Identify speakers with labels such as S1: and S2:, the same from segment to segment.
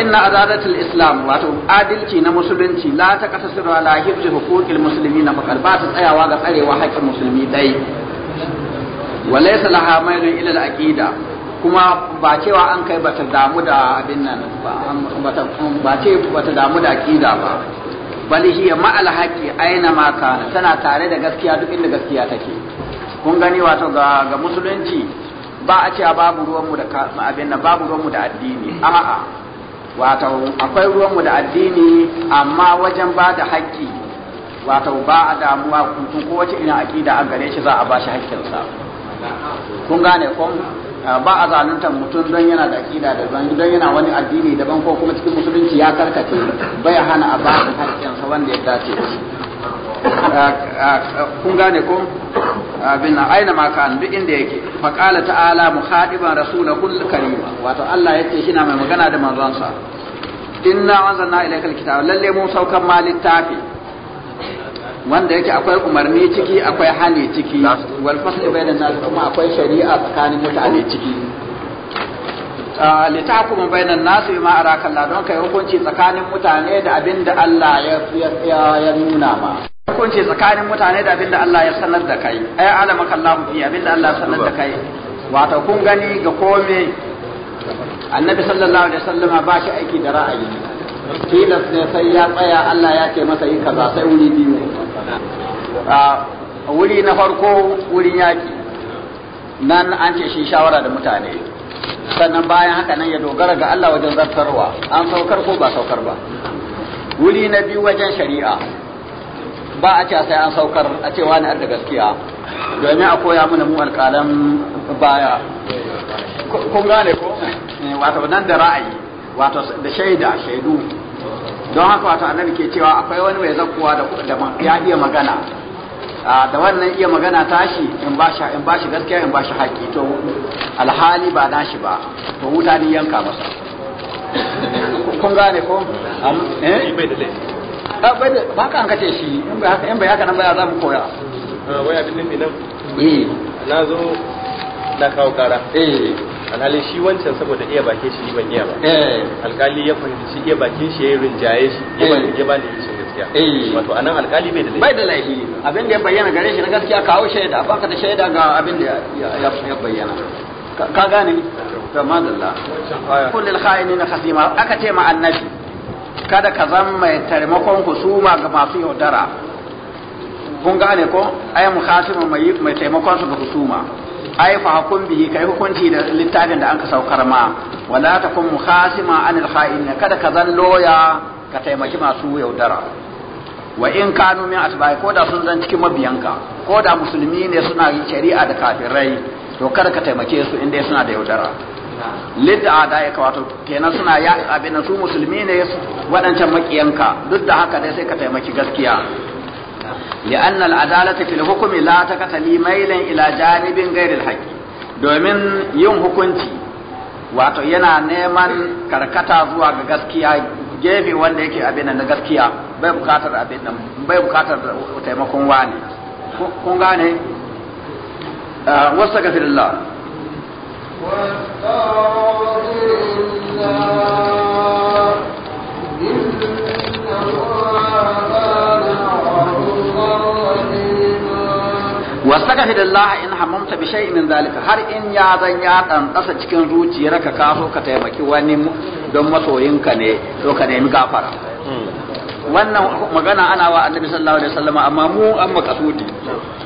S1: inna azadatul islam wato adalci na musulunci la ta kasasiru ala hifzi huquqil muslimina faqad ba ta tsayawa ga tsarewa haƙƙin musulmi dai walaysa laha mailun ila al-aqida kuma ba cewa an kai bata damu da abin nan ba ba ce bata damu da aqida ba bal hiya ma al-haqi aina ma tana tare da gaskiya duk inda gaskiya take kun gani wato ga ga musulunci ba a cewa babu ruwanmu da abin nan babu ruwanmu da addini a'a wato akwai ruwanmu da addini amma wajen ba da haƙƙi wato ba a damuwa kuntun ko wace ina aƙida a gare shi za a ba shi haƙƙinsa kun gane ko ah, ba a zaluntar mutum don yana da aƙida daban don yana wani addini daban ko kuma cikin musulunci ya karkace bai hana a ba da sa wanda ya dace ah, ah, kun gane ko abin na aina maka duk inda yake qala ta'ala muhadiban rasulahul karima wato Allah ya ce na mai magana da sa. inna anzalna ilaykal kitaba lalle mun saukan ma littafi wanda yake akwai umarni ciki akwai hali ciki wal fasl bainan nas kuma akwai shari'a tsakanin mutane ciki ah, li bai bainan nas bima araka Allah don kai hukunci tsakanin mutane da abinda Allah ya ya nuna ma hukunci tsakanin mutane da abinda Allah ya sanar da kai ai alama Allah fi abinda Allah ya sanar da kai wato kun gani ga kome annabi sallallahu alaihi wasallam ba shi aiki da ra'ayi tilas ne sai ya tsaya Allah ya ce masa yi kaza sai wuri biyu wuri na farko wurin yaki nan an ce shi shawara da mutane sannan bayan haka nan ya dogara ga Allah wajen zartarwa an saukar ko ba saukar ba wuri na biyu wajen shari'a ba a ce sai an saukar a ce wani da gaskiya domin a koya mana mu alƙalan baya kun gane ko eh, wato nan da ra'ayi wato da shaida shaidu don haka wato annabi ke cewa akwai wani mai zakkuwa da ya iya magana da wannan iya magana tashi in ba shi in ba shi gaskiya in ba shi haƙi to alhali ba na shi ba to wuta ni yanka masa kun gane ko eh ah, bai da ba ka an kace shi in bai haka nan ba za mu koya ah, wai abin nan ne nan eh na zo na kawo kara eh alhali shi wancan saboda iya bakin shi ban iya ba eh. alkali ya fahimci iya bakin shi ya rinjaye shi ya ba eh. ni shi gaskiya eh. wato anan alkali bai da laifi bai da laifi abin da ya bayyana gare shi na gaskiya kawo shaida baka da shaida ga abin da ya bayyana ka gane ni to madalla kullul kha'inina khasima aka ce ma annabi kada ka zama mai taimakon husuma ga masu yaudara kun gane ko mu khasimu mai taimakon su ga husuma ai fa hukum bihi kai hukunci da littafin da an ka saukar ma wala takum mukhasima anil kha'in kada ka zallo ya ka taimaki masu yaudara wa in kanu min asbai ko da sun zan cikin mabiyanka ko da musulmi ne suna yin shari'a da kafirai to kada ka taimake su inda suna da yaudara lidda da ya kawato kenan suna ya abin su musulmi ne waɗancan makiyanka duk da haka dai sai ka taimaki gaskiya لأن العدالة في الحكم la takatali mailan ila جانب غير الحق domin yin hukunci wato yana neman karkata zuwa ga gaskiya gefe wanda yake abin na gaskiya bai bukatar abin nan bai bukatar taimakon wani kun gane wasu fastaghfir Allah in hamamta bi shay'in min zalika har in ya zan ya dan kasa cikin zuciyar ka ka so ka taimaki wani don masoyinka ne to ka nemi gafara hmm. wannan magana ana wa annabi sallallahu alaihi wasallam amma mu an makasudi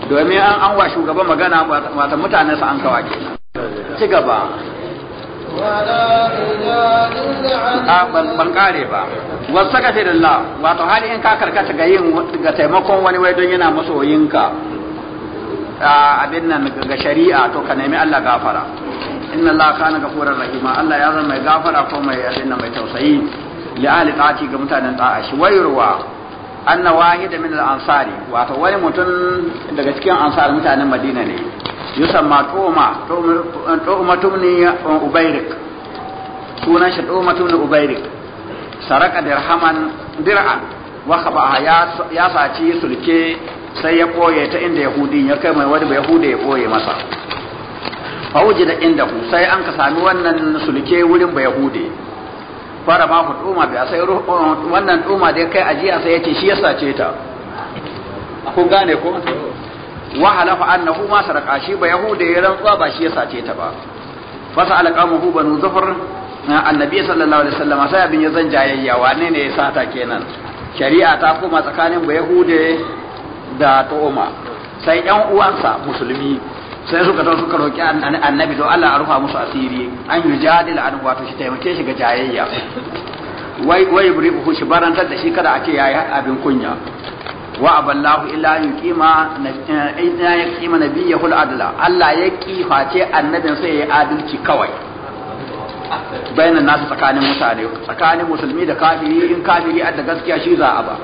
S1: domin an an wa shugaba magana mata mutanen sa an kawa ke ci gaba
S2: a ah, ban
S1: kare ba wasu saka Allah wato hali in ka karkata ga yin ga taimakon wani wai don yana masoyinka abin nan ga shari'a to ka nemi Allah gafara inna Allah kana gafurar rahima Allah ya zama mai gafara ko mai abin nan mai tausayi li ahli ta'ati ga mutanen ta'a shi wayurwa anna wahida min al-ansari wato wani mutum daga cikin ansar mutanen Madina ne yusamma tuma tuma tumni ubayrik sunan shi tuma tumni ubayrik saraka dirhaman dir'an wa ya ya saci sulke sai ya koye ta inda yahudi ya kai mai wani ba ya koye masa fauji da inda ku sai an ka sami wannan sulke wurin ba yahudi fara ma ku tuma bi sai wannan tuma da kai ajiya sai yace shi ya ce ta kun gane ko wa halafa annahu ma sarqa shi ba yahudi ya rantsa ba shi ya ce ta ba fasa alqamuhu banu zufar annabi sallallahu alaihi wasallam sai abin ya zan jayayya wane ne ya sata kenan shari'a ta koma tsakanin ba yahudi da tu'uma sai yan uwansa musulmi sai suka zo suka roki annabi to Allah a rufa musu asiri an yi yujadil an wato shi taimake shi ga jayayya wai wai ku shi barantar da shi kada a ce yayi abin kunya wa aballahu illa yuqima na eh, yuqima nabiyahu al-adla Allah ya kifa ce annabin sai yayi adalci kawai bayanan nasu tsakanin mutane tsakanin musulmi da kafiri in kafiri adda gaskiya shi za a ba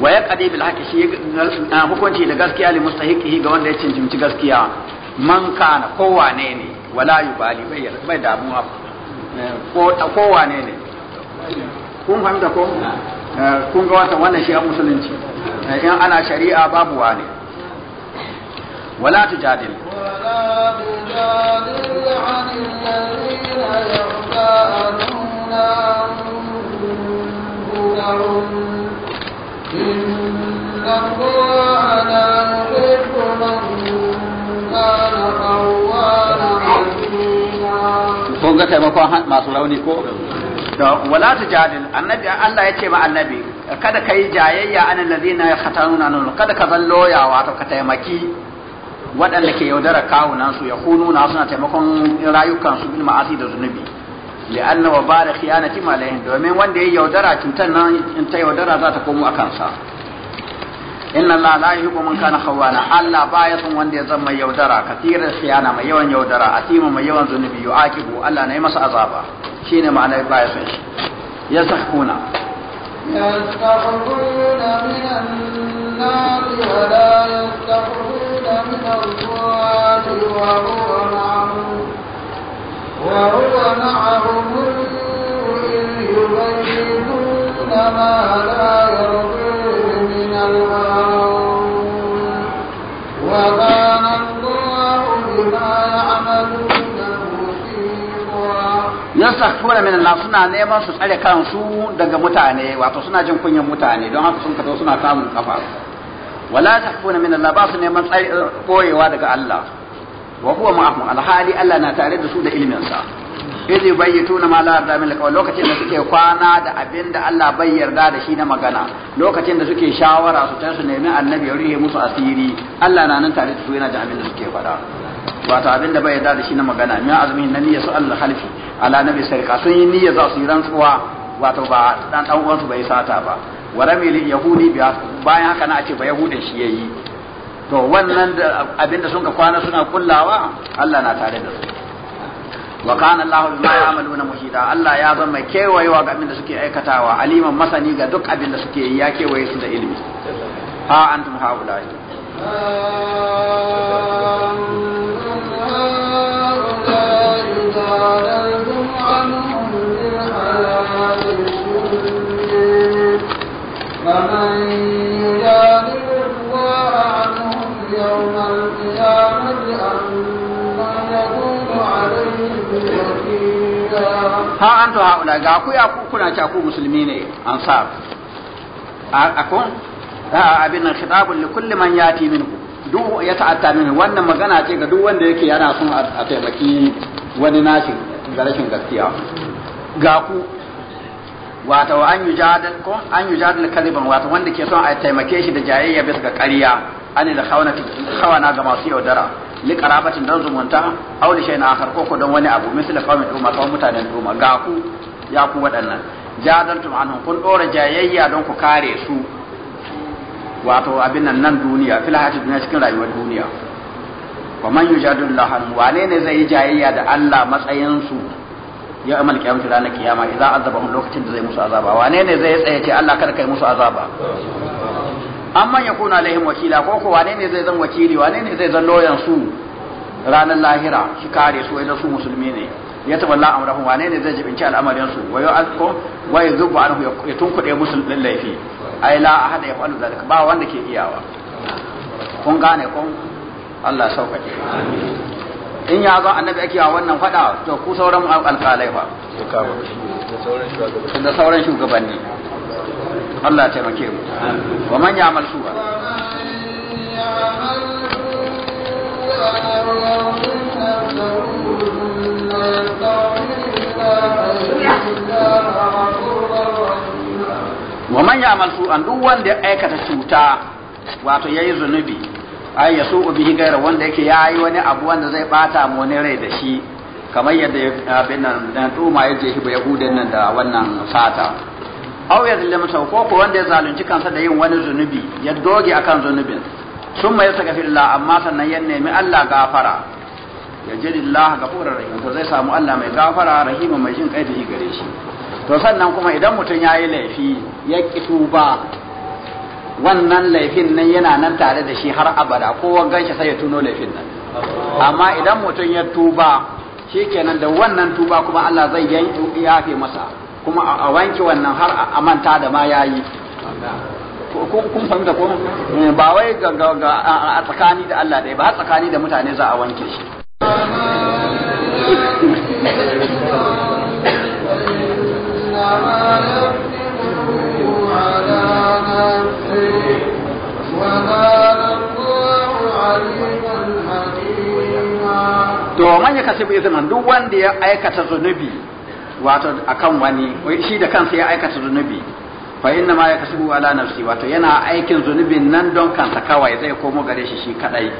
S1: wa kadi bil haqi shi hukunci da gaskiya li mustahiqihi ga wanda ya cancanci gaskiya man kana kowane ne wala yubali bai bai damuwa eh, ko ta kowane ne kun fahimta ko eh, kun ga wata wannan shi a musulunci eh, in ana shari'a babu wane wala tujadil ولا
S2: تجادل عن الذين يختارون أنفسهم kun ga taimakon masu rauni
S1: ko da wala tujadil annabi Allah ya ce ma annabi kada kai jayayya an alladhina yakhatanuna nun kada ka zan loya wato ka taimaki waɗanda ke yaudara kawunan su yakhununa suna taimakon rayukansu su ma'asi da zunubi li'anna wa bari khiyanati ma domin wanda ya yaudara cutar nan ta yaudara za ta komo akan sa inna Allah la yuhibbu man kana khawana Allah baya son wanda ya zama yaudara kasira siyana mai yawan yaudara asimu mai yawan zunubi yu'aqibu Allah ne masa azaba shine ma'ana baya son shi yasakuna
S2: يستخفون من النار ولا يستخفون من الله وهو معهم وهو معهم إذ يبيتون ما لا يرضى
S1: tura min Allah suna neman su tsare kansu daga mutane wato suna jin kunyan mutane don haka sun kato suna samun kafa wala yastakhfuna min Allah ba su neman koyewa daga Allah wa huwa ma'ahum alhali Allah na tare da su da ilmin sa idh yubayyituna ma la yarda min lokacin da suke kwana da abinda Allah bai yarda da shi na magana lokacin da suke shawara su su nemi annabi ya rihe musu asiri Allah na nan tare da su yana jami'in da suke faɗa wato abin da bai yarda da shi na magana min azumi na niyya su Allah halfi ala nabi sarka sun yi niyya za su yi rantsuwa wato ba dan dan uwansu bai sata ba wa li yahudi bayan haka na ce ba yahudin shi yayi to wannan abin da sun ka kwana suna kullawa Allah na tare da su wa kana Allahu ma ya'maluna muhida Allah ya zama kewayewa ga abin da suke aikatawa aliman masani ga duk abin da suke yi ya kewaye su da ilimi ha antum haula'i
S2: ha an to عنهم
S1: يوم ku ya ku kuna عليهم ku musulmi ne ansar a kun da abin nan khitabun li kulli man yati minku duk ya ta'atta min wannan magana ce ga duk wanda yake yana son a taimaki wani nashi ga rashin gaskiya ga ku wato an yi jadal ko an jadal kaliban wato wanda ke son a taimake shi da jayayya bisa ga ƙarya an da khawana khawana ga masu yaudara li qarabatin dan zumunta aw li shay'in akhar ko don wani abu misal qawmin duma ko mutanen duma ga ku ya ku waɗannan jadaltum anhum kun dora jayayya don ku kare su wato abin nan nan duniya fil hayati duniya cikin rayuwar duniya wa man yujadilu lahu wane ne zai yi jayayya da Allah matsayin su ya amal kiyamati ranar kiyama idza azabahum lokacin da zai musu azaba wane ne zai tsaye ce Allah kada kai musu azaba amma ya kuna alaihim wakila ko ko wane ne zai zan wakili wane ne zai zan loyan su ranar lahira shi kare su idan su musulmi ne ya taballa amrahu wane ne zai jibinci al'amarin su wayo alko wayo zubu an ya tunkuɗe musu laifi ai la ahada ya falu zalika ba wanda ke iyawa kun gane kun Allah sauƙaƙe amin in ya zo annabi ake wa wannan fada to ku sauran alƙalai fa da sauran shugabanni Allah ya taimake mu wa man ya'mal
S2: su'a wa man
S1: ya'mal su'an duk wanda ya aikata cuta wato yayi zunubi ai ya bihi gaira wanda yake ya yi wani abu wanda zai bata mu ne rai da shi kamar yadda abin nan dan tuma yake shi ba yahudin nan da wannan sata aw ya zalima sau ko ko wanda ya zalunci kansa da yin wani zunubi ya doge akan zunubin sun mai saka la amma sannan ya nemi Allah gafara ya jiri Allah gafurar rahim to zai samu Allah mai gafara rahima mai jin kai da gare shi to sannan kuma idan mutum yayi laifi ya kituba wannan laifin nan yana nan tare da shi har abada kowa ganshi sai ya tuno laifin nan amma idan mutum ya tuba shikenan da wannan tuba kuma Allah zai yanki yafe masa kuma a wanke wannan har a manta da ma yayi kun fahimta ko eh, ba wai ga a tsakani da Allah ɗaya ba tsakani da mutane za a wanke shi
S2: Thank you. to
S1: man ya kasu zaman duk wanda ya aikata zunubi wato akan wani shi da kansa ya aikata zunubi fa inna ma yakasubu ala nafsi wato yana aikin zunubin nan don kansa kawai zai komo gare shi shi kadai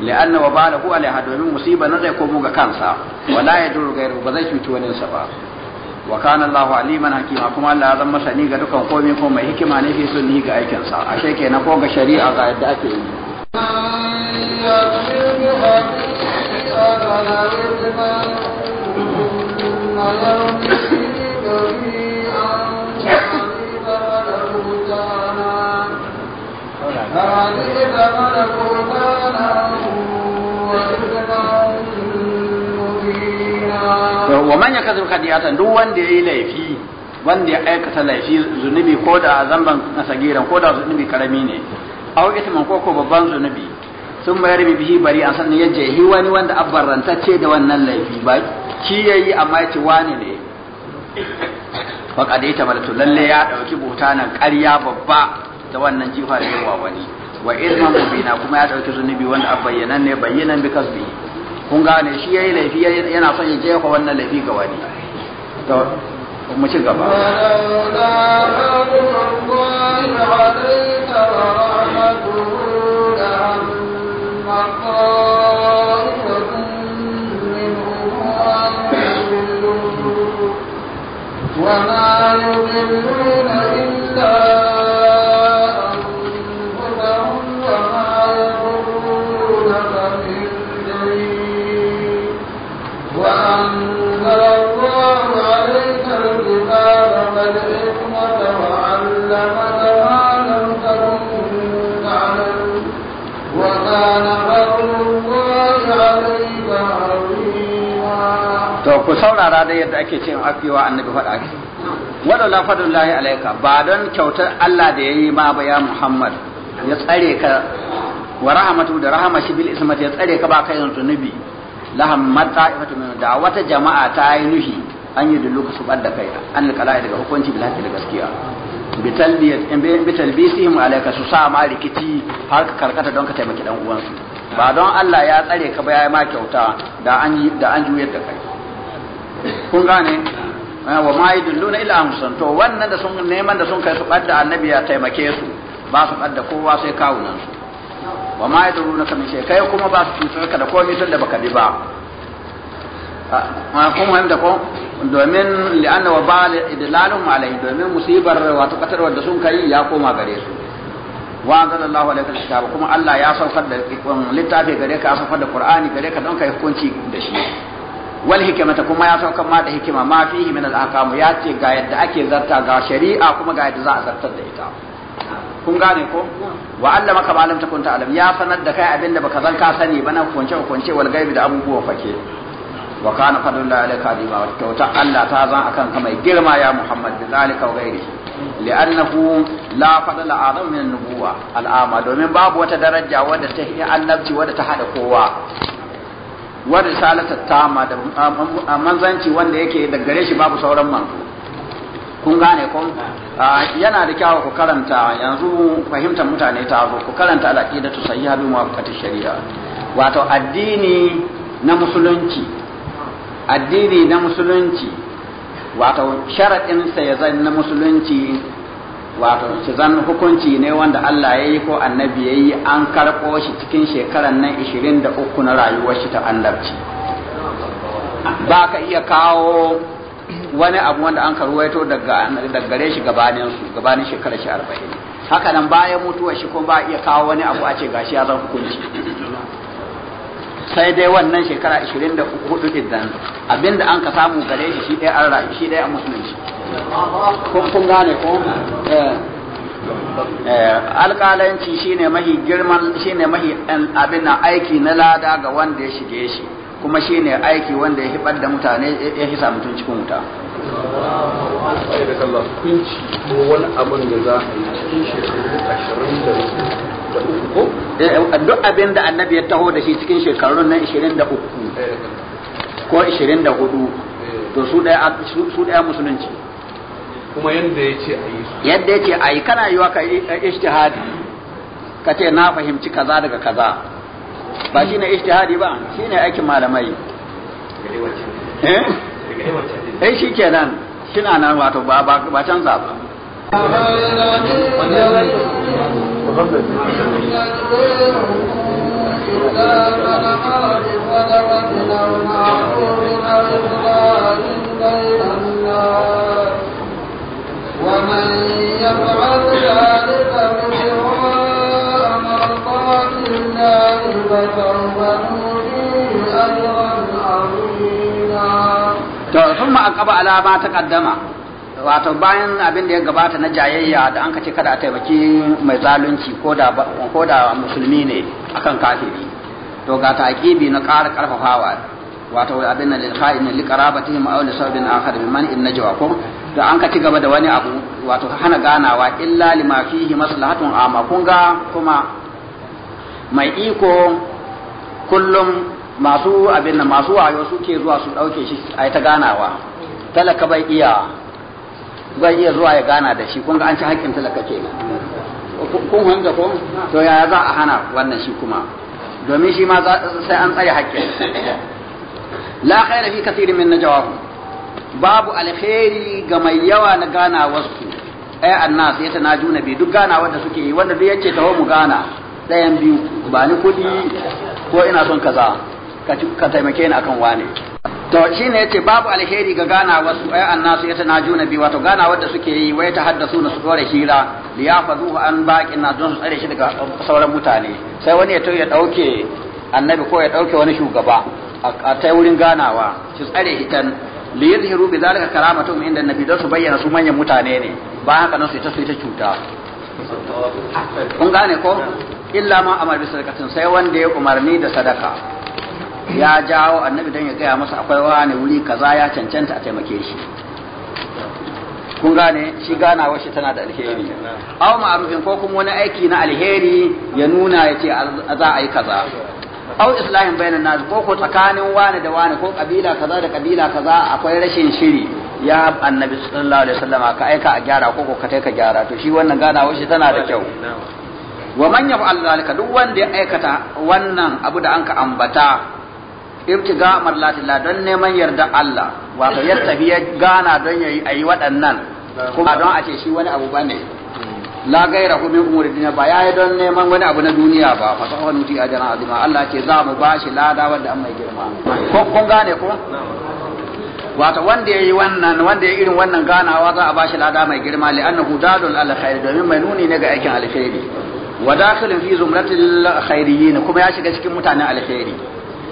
S1: li'anna wa balahu alaiha domin musiba nan zai komo ga kansa wala duru gairu ba zai cuci wani sa ba wa kana Allah aliman hakima kuma Allah ya zama sani ga dukan komai ko mai hikima ne fi sunni ga aikin sa ashe na ko ga shari'a ga yadda ake yi wa man yakzib khadi'atan duk wanda yayi laifi wanda ya aikata laifi zunubi ko da zamban nasagira ko da zunubi karami ne aw isman ko ko babban zunubi sun bayar bi bihi bari an sannan ya yi wani wanda ce da wannan laifi ba ki yayi amma ya wani ne wa kadaita malatu lalle ya dauki nan ƙarya babba da wannan jifa da yawa wani wa isman mubina kuma ya dauki zunubi wanda abbayyanan ne bayyanan bi kasbi kun gane shi yayi laifi yana son ya jefa wannan laifi ga wani to mu ci
S2: gaba وما يضلون إلا ku saurara
S1: da yadda ake cewa afiwa annabi faɗa ki wala la fadullahi alayka ba don kyautar Allah da yayi ma ba ya Muhammad ya tsare ka wa rahmatu da rahama shi bil ismat ya tsare ka ba kai yin zunubi laham mata ifatu min da wata jama'a ta yi nuhi an yi dullu su bar da kai an kala daga hukunci bil haqqi da gaskiya bitalbiyat in bitalbisihim alayka su sa ma rikici har ka karkata don ka taimaki dan uwansu ba don Allah ya tsare ka ba ya ma kyauta da an yi da an juyar da kai kun gane eh, wa ma yadulluna illa amsan to wannan da sun neman da sun kai su badda annabi ya taimake su ba su badda kowa sai kawunan su wa ma yadulluna kamin sai kai kuma ba su cutar ka da komai tun da baka bi ba ma kuma wanda ko domin li'anna wa ba'al idlalu alai domin musibar wato katarwar da sun kai ya koma gare su wa anzala Allahu alayka kitaba kuma Allah ya saukar da um, littafi gare ka saukar da Qur'ani gare ka don kai hukunci da shi wal hikmata kuma ya saukan ma da hikima ma fihi min al'akamu ya ce ga yadda ake zarta ga shari'a kuma ga yadda za a zartar da ita kun gane ko wa allama ka malam ta kunta alam ya sanar da kai abinda baka zan ka sani ba na kunce kunce wal gaibi da abubuwa fake wa kana fadlullahi alayka azima wa kyauta Allah ta zan akan ka mai girma ya Muhammad bi zalika wa ghairihi li'annahu la fadla azam min nubuwa al'ama domin babu wata daraja wadda ta yi annabci wadda ta hada kowa Wani risalata tama da manzanci wanda yake da gare shi babu sauran manzo kun gane kun yana da kyawu ku karanta yanzu fahimtar mutane ta zo ku karanta al-aqidatu sahiha bi muwafaqati shari'a wato addini na musulunci addini na musulunci wato sharadin sa ya na musulunci wato shi zan hukunci ne wanda Allah ya yi ko annabi ya yi an karɓo shi cikin shekaran nan 23 na rayuwar shi ta annabci ba ka iya kawo wani abu wanda an to daga gare shi gabanin su gabanin shekarar shi 40 haka nan bayan mutuwar shi ko ba iya kawo wani abu a ce gashi ya zan hukunci sai dai wannan shekara 24 idan abinda an ka samu gare shi shi dai an rayu shi dai an musulunci kun gane ko eh. Eh, alƙalanci shine mahi girman shine mahi eh, abin na aiki na lada ga wanda ya shige shi kuma shine aiki wanda ya hibar da mutane ya hisa mutum cikin wuta
S2: sai da kallon kunci ko wani abin da za a yi cikin shekaru ashirin da
S1: uku duk abin da annabi ya taho da shi cikin shekarun nan ishirin da uku
S2: ko ishirin da
S1: to su ɗaya musulunci
S2: kuma yadda ya ce a yi yadda
S1: ya ce a kana yi wa eh, ka ishtihadi ka ce na fahimci kaza daga kaza ba shi ne ishtihadi ba shi ne aikin malamai eh? eh shi kenan kina nan wato ba ba za ba
S2: Thank you. ومن يفعل ذلك ابتغاء مرضات الله
S1: wato bayan abin da ya gabata na jayayya da an kace kada a taimaki mai zalunci ko da musulmi ne akan kafiri to ga ta aqibi na ƙara ƙarfafawa wato abin nan lil kha'in li qarabatihim aw li sabin akhar bi man in najwa ko da an ka ci gaba da wani abu wato hana ganawa illa lima fihi maslahatun amma kun ga kuma mai iko kullum masu abin nan masu wayo suke zuwa su dauke shi a ta ganawa talaka bai iya bai iya zuwa ya gana da shi kun ga an ci hakkin talaka ke kun hanga ko to yaya za a hana wannan shi kuma domin shi ma sai an tsaya hakkin la khaira fi kathirin min najawakum babu alkhairi ga mai yawa na gana wasu ai annas ya na juna bi duk gana wanda suke yi wanda duk yace taho mu gana ɗayan biyu ba ni kuɗi ko ina son kaza ka taimake ni akan wane to shine yace babu alkhairi ga gana wasu ai annas ya na juna bi wato gana wanda suke yi wai ta haddasu na su dore hira liyafazuhu an baqin na don su tsare shi daga sauran mutane sai wani ya to ya dauke annabi ko ya dauke wani shugaba a ta wurin ganawa su tsare hitan li yadhhiru bi dhalika karamatuhum inda annabi da su bayyana su manyan mutane ne ba haka nan su ta su ta cuta kun gane ko illa ma amar bi sadaqatin sai wanda ya umarni da sadaka ya jawo annabi dan ya gaya masa akwai wani wuri kaza ya cancanta a taimake shi kun gane shi gana shi tana da alheri aw ma'rufin ko kuma wani aiki na alheri ya nuna ya ce za a yi kaza aw islahin bainan nas ko ko tsakanin wani da wani ko kabila kaza da kabila kaza akwai rashin shiri ya annabi sallallahu alaihi wasallam ka aika a gyara ko ko ka ka gyara to shi wannan ganawar shi tana da kyau wa man yaf'al zalika duk wanda ya aikata wannan abu da anka ambata ibtiga marlatillah don neman yarda Allah wato ya tafi ya gana don yayi ayi waɗannan kuma don a ce shi wani abu bane la gaira hu min umuri dunya ba yayi don neman wani abu na duniya ba fa sa wani ti ajran azima Allah ce za mu bashi lada wanda an mai girma ko kun gane ko wato wanda yayi wannan wanda yayi irin wannan ganawa za a bashi lada mai girma li annahu dadul alkhair domin mai nuni ne ga aikin alkhairi wa dakhilun fi zumratil khairiyin kuma ya shiga cikin mutanen alkhairi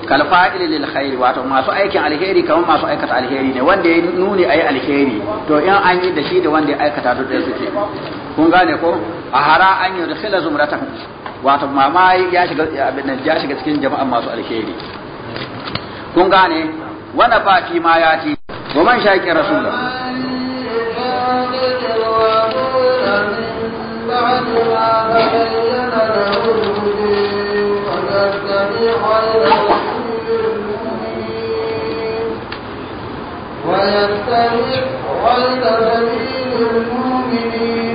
S1: kal fa'il lil khair wato masu aikin alkhairi kamar masu aikata alkhairi ne wanda ya nuni ayi alkhairi to in an yi da shi da wanda ya aikata duk da suke kun gane ko a hara an yi rikila zumrata wato mama ya shiga abin nan ya shiga cikin jama'an masu alheri kun gane wana ba fi ma ya ti wa man shaqi rasulullah
S2: ويتبع غير سبيل المؤمنين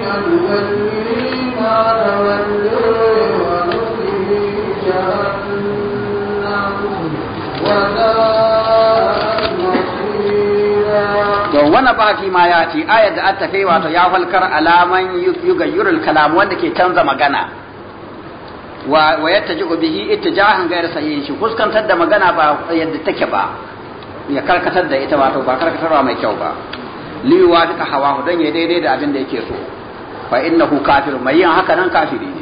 S1: wani ba fi ma ya ce ayar da an wato ya falkar alaman yugayyurul kalam wanda ke canza magana wa yadda ji bihi ittijahan gairar sahihin shi fuskantar da magana ba yadda take ba ya karkatar da ita wato ba karkatarwa mai kyau ba liwa duka hawa don ya daidai da abin da yake so fa innahu kafir mai yin haka nan kafiri ne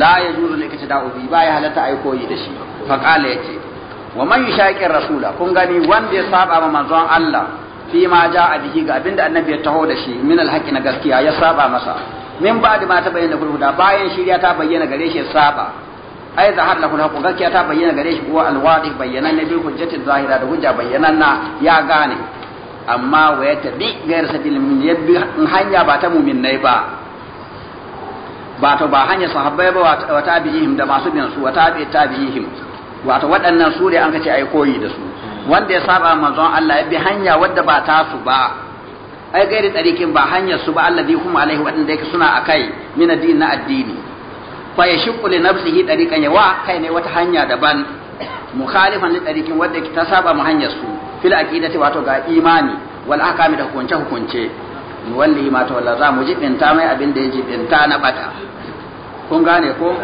S1: la ne kace liktida'u bi ba ya halatta ai koyi da shi fa qala yace wa man yushaqiq rasula kun gani wanda ya saba ma manzon Allah fi ma ja'a bihi ga abinda annabi ya taho da shi min alhaqi na gaskiya ya saba masa min ba da ma ta bayyana da bayan shirya ta bayyana gare shi saba ai zahar lahu alhaqu gaskiya ta bayyana gare shi kuwa alwadi bayyana ne bi hujjati zahira da hujja bayyana na ya gane amma wa ya tabi gayar sabil min yabbi hanya ba ta mumin nai ba ta ba hanya sahabbai ba wa tabi'ihim da masu bin su wa tabi'i tabi'ihim wato waɗannan su ne an kace ai koyi da su wanda ya saba manzon Allah ya bi hanya wadda ba ta su ba ai gairi tsarikin ba hanyar su ba alladhi kuma alaihi waɗanda yake suna akai min addini na addini fa yashqu li nafsihi tariqan yawa kai ne wata hanya daban mukhalifan li tariqin wadda ta saba mu hanyar su fil aqidati wato ga imani wal ahkami da hukunce hukunce wallahi ma to wallahi za mu jibinta mai abin da ya jibinta na bata kun gane ko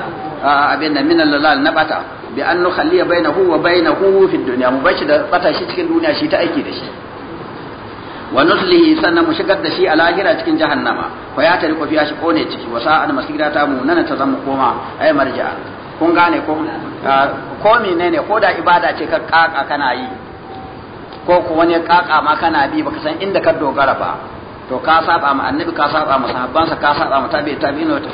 S1: abin da min lalal na bata bi an nukhalliya bainahu wa bainahu fi dunya mu bashi da bata shi cikin duniya shi ta aiki da shi wa nuslihi sannan mu shigar da shi a lahira cikin jahannama fa ya tari kofiya shi kone ciki wa sa'an masira ta mu nan ta zama koma ai marja kun gane ko ko menene ko da ibada ce ka kaka kana yi ko ku wani ya kaka ma kana bi baka san inda ka dogara ba to ka saba ma annabi ka saba ma sahabbansa ka saba ma tabi'i tabi'in wata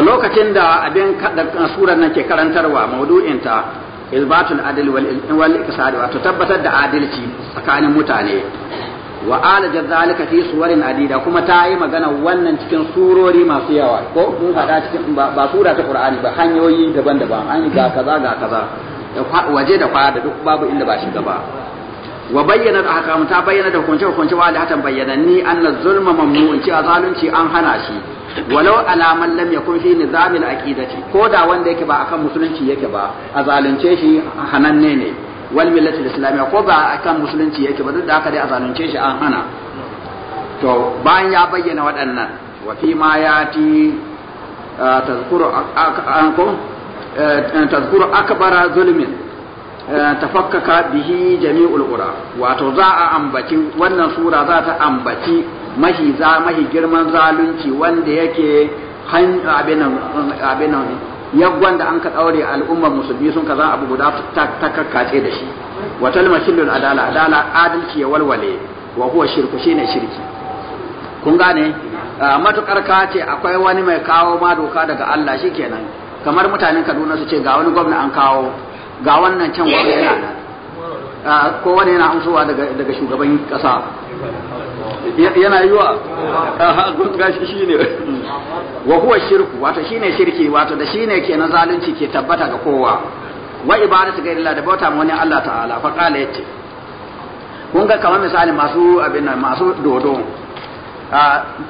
S1: lokacin da abin surar nan ke karantarwa maudu'inta ilbatul adl wal iqsad wato tabbatar da adalci tsakanin mutane wa alaja zalika fi suwarin adida kuma ta yi magana wannan cikin surori masu yawa ko mun cikin ba sura ta qur'ani ba hanyoyi daban-daban an ga kaza ga kaza waje da fada duk babu inda ba shiga ba wa bayyana da hakamu ta bayyana da hukunce hukunce wa alhatan bayyananni anna zulma mamnu'un cewa zalunci an hana shi walau alaman lam yakun fi nizamil aqidati ko da wanda yake ba akan musulunci yake ba a zalunce shi hananne ne wal millati islamiyya ko ba akan musulunci yake ba duk da haka dai a zalunce shi an hana to bayan ya bayyana waɗannan wa fi ma yati eh, eh, tazkuru akbara zulmin Eh, tafakkaka bihi jami'ul qura wato za a ambaci wannan sura za ta ambaci mahi za mahi girman zalunci wanda yake abinan abin ya da an ka daure al'ummar musulmi sun kaza abu guda ta kakkace da shi wa talmashilul adala adala adalci ya walwale wa huwa shirku shine shirki kun gane eh, matukar ka ce akwai wani mai kawo ma doka daga Allah shikenan kamar mutanen Kaduna su ce ga wani gwamna an kawo ga wannan can wani yana nan ko wani yana amsowa daga shugaban kasa
S2: yana yiwa ga shi shine wa huwa shirku wato
S1: shine shirki wato da shine na zalunci ke tabbata ga kowa wa ibadatu ga Allah da bauta ma wani Allah ta'ala fa qala yace kun ga kamar misali masu abin masu dodo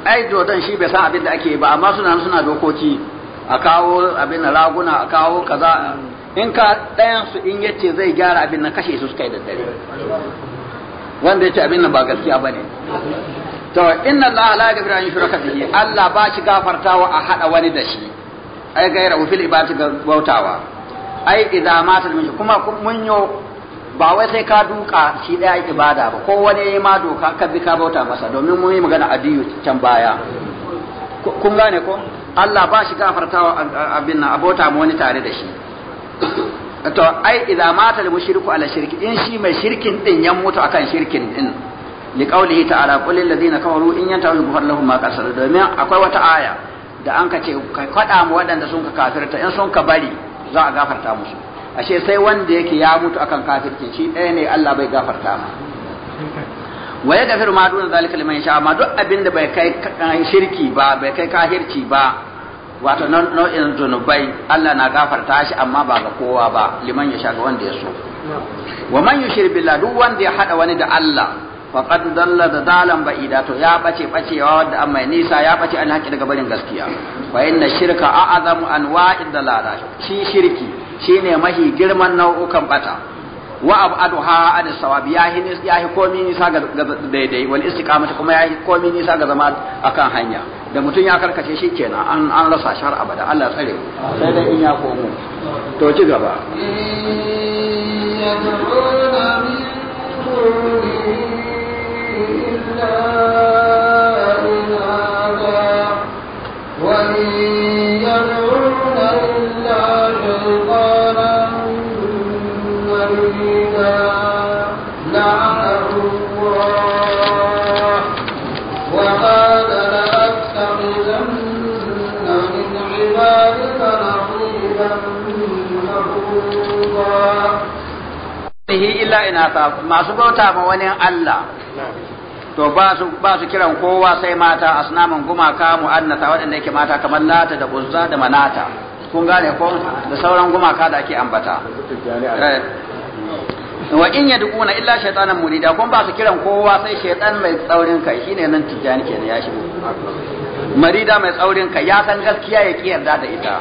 S1: ai dodon shi bai san abin da ake ba amma suna suna dokoki a kawo abin raguna a kawo kaza in ka ɗayan su in yace zai gyara abin nan kashe su suka yi da dare wanda yace abin nan ba gaskiya bane to inna allaha la yaghfiru an yushraka bihi allah ba shi gafartawa a hada wani da shi ai gaira fil ibadati bautawa ai idza matal min kuma mun yo ba wai sai ka duka shi daya ibada ba ko wani yayi ma doka ka bi ka bauta masa domin mun yi magana adiyu can baya kun gane ko Allah ba shi gafartawa abin nan abota mu wani tare da shi to ai idza mata al mushriku ala shirki in shi mai shirkin din ya mutu akan shirkin din li qawlihi ta'ala qul lil ladina kafaru in yantahu yughfar lahum ma qasara domin akwai wata aya da an ka ce ka kwada mu waɗanda sun ka kafirta in sun ka bari za a gafarta musu ashe sai wanda yake ya mutu akan kafirci shi ɗaya ne Allah bai gafarta ma wa ya gafiru ma duna zalika liman sha ma duk abin da bai kai shirki ba bai kai kafirci ba wato nau'in zunubai Allah na gafarta shi amma ba ga kowa ba liman ya shaga wanda ya so wa man yushir billah duk wanda ya hada wani da Allah faqad dalla da dalan ba'ida to ya bace bacewa wanda amma nisa ya bace an haƙi daga barin gaskiya fa inna shirka a'azamu anwa'id dalala shi shirki shine mahi girman nau'ukan bata wa ab'aduha an sawabi yahi ya hi komi nisa ga daidai wal istiqamati kuma hi komi nisa ga zama akan hanya da mutum ya karkace shi kenan an an rasa shar abada Allah tsare sai dai in ya komo to ci gaba illa ina ta masu bauta ma wani Allah to ba su ba su kiran kowa sai mata asnaman gumaka mu'annata waɗanda yake mata kamar lata da buzza da manata kun gane ko da sauran gumaka da ake ambata eh. wa in yad'una illa shaytanan murida kun ba su kiran kowa sai shaytan mai tsaurin kai shine nan tijani kenan ya shigo marida mai tsaurin kai ya san gaskiya ya ki yarda da ita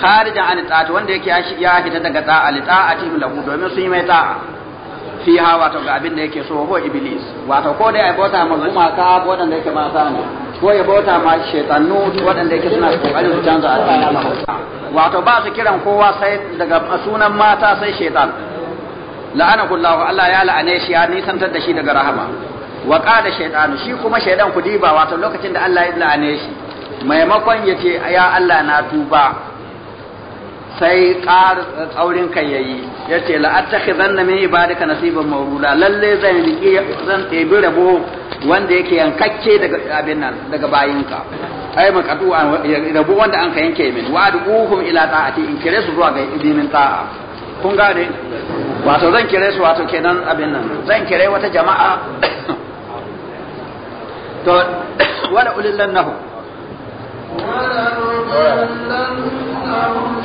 S1: kharijan an ta'ati wanda yake ya fita daga ta'a li ta'ati lahu domin sun yi mai ta'a fiha wato ga abin da yake so ko iblis wato ko dai ai bauta ma ka ko wadanda yake sa ne ko ya bauta ma shaytanu wadanda yake suna kokarin su canza addini ma wato ba su kiran kowa sai daga sunan mata sai shaytan la'anahu Allah Allah ya la'ane shi ya nisantar da shi daga rahama wa qala shaytanu shi kuma shaydan ku diba wato lokacin da Allah ya la'ane shi maimakon yace ya Allah na tuba sai ƙar tsaurin kai yayi ya ce la'attakhizanna min ibadika nasiban mawrula lalle zan riƙe zan tebi rabo wanda yake yankakke daga abin nan daga bayinka ai makatu an rabo wanda an ka yanke min wa duhum ila ta'ati in kire su zuwa ga idimin ta'a kun gane wato zan kire su wato kenan abin nan zan kire wata jama'a to wala lanahu wala lanahu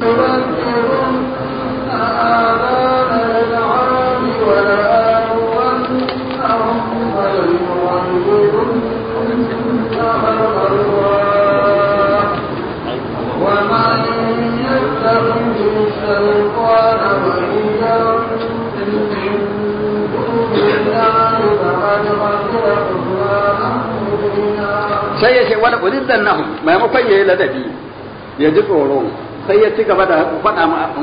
S1: yake wala mai nahum maimakon yi ladabi ya ji tsoro sai ya ci gaba da faɗa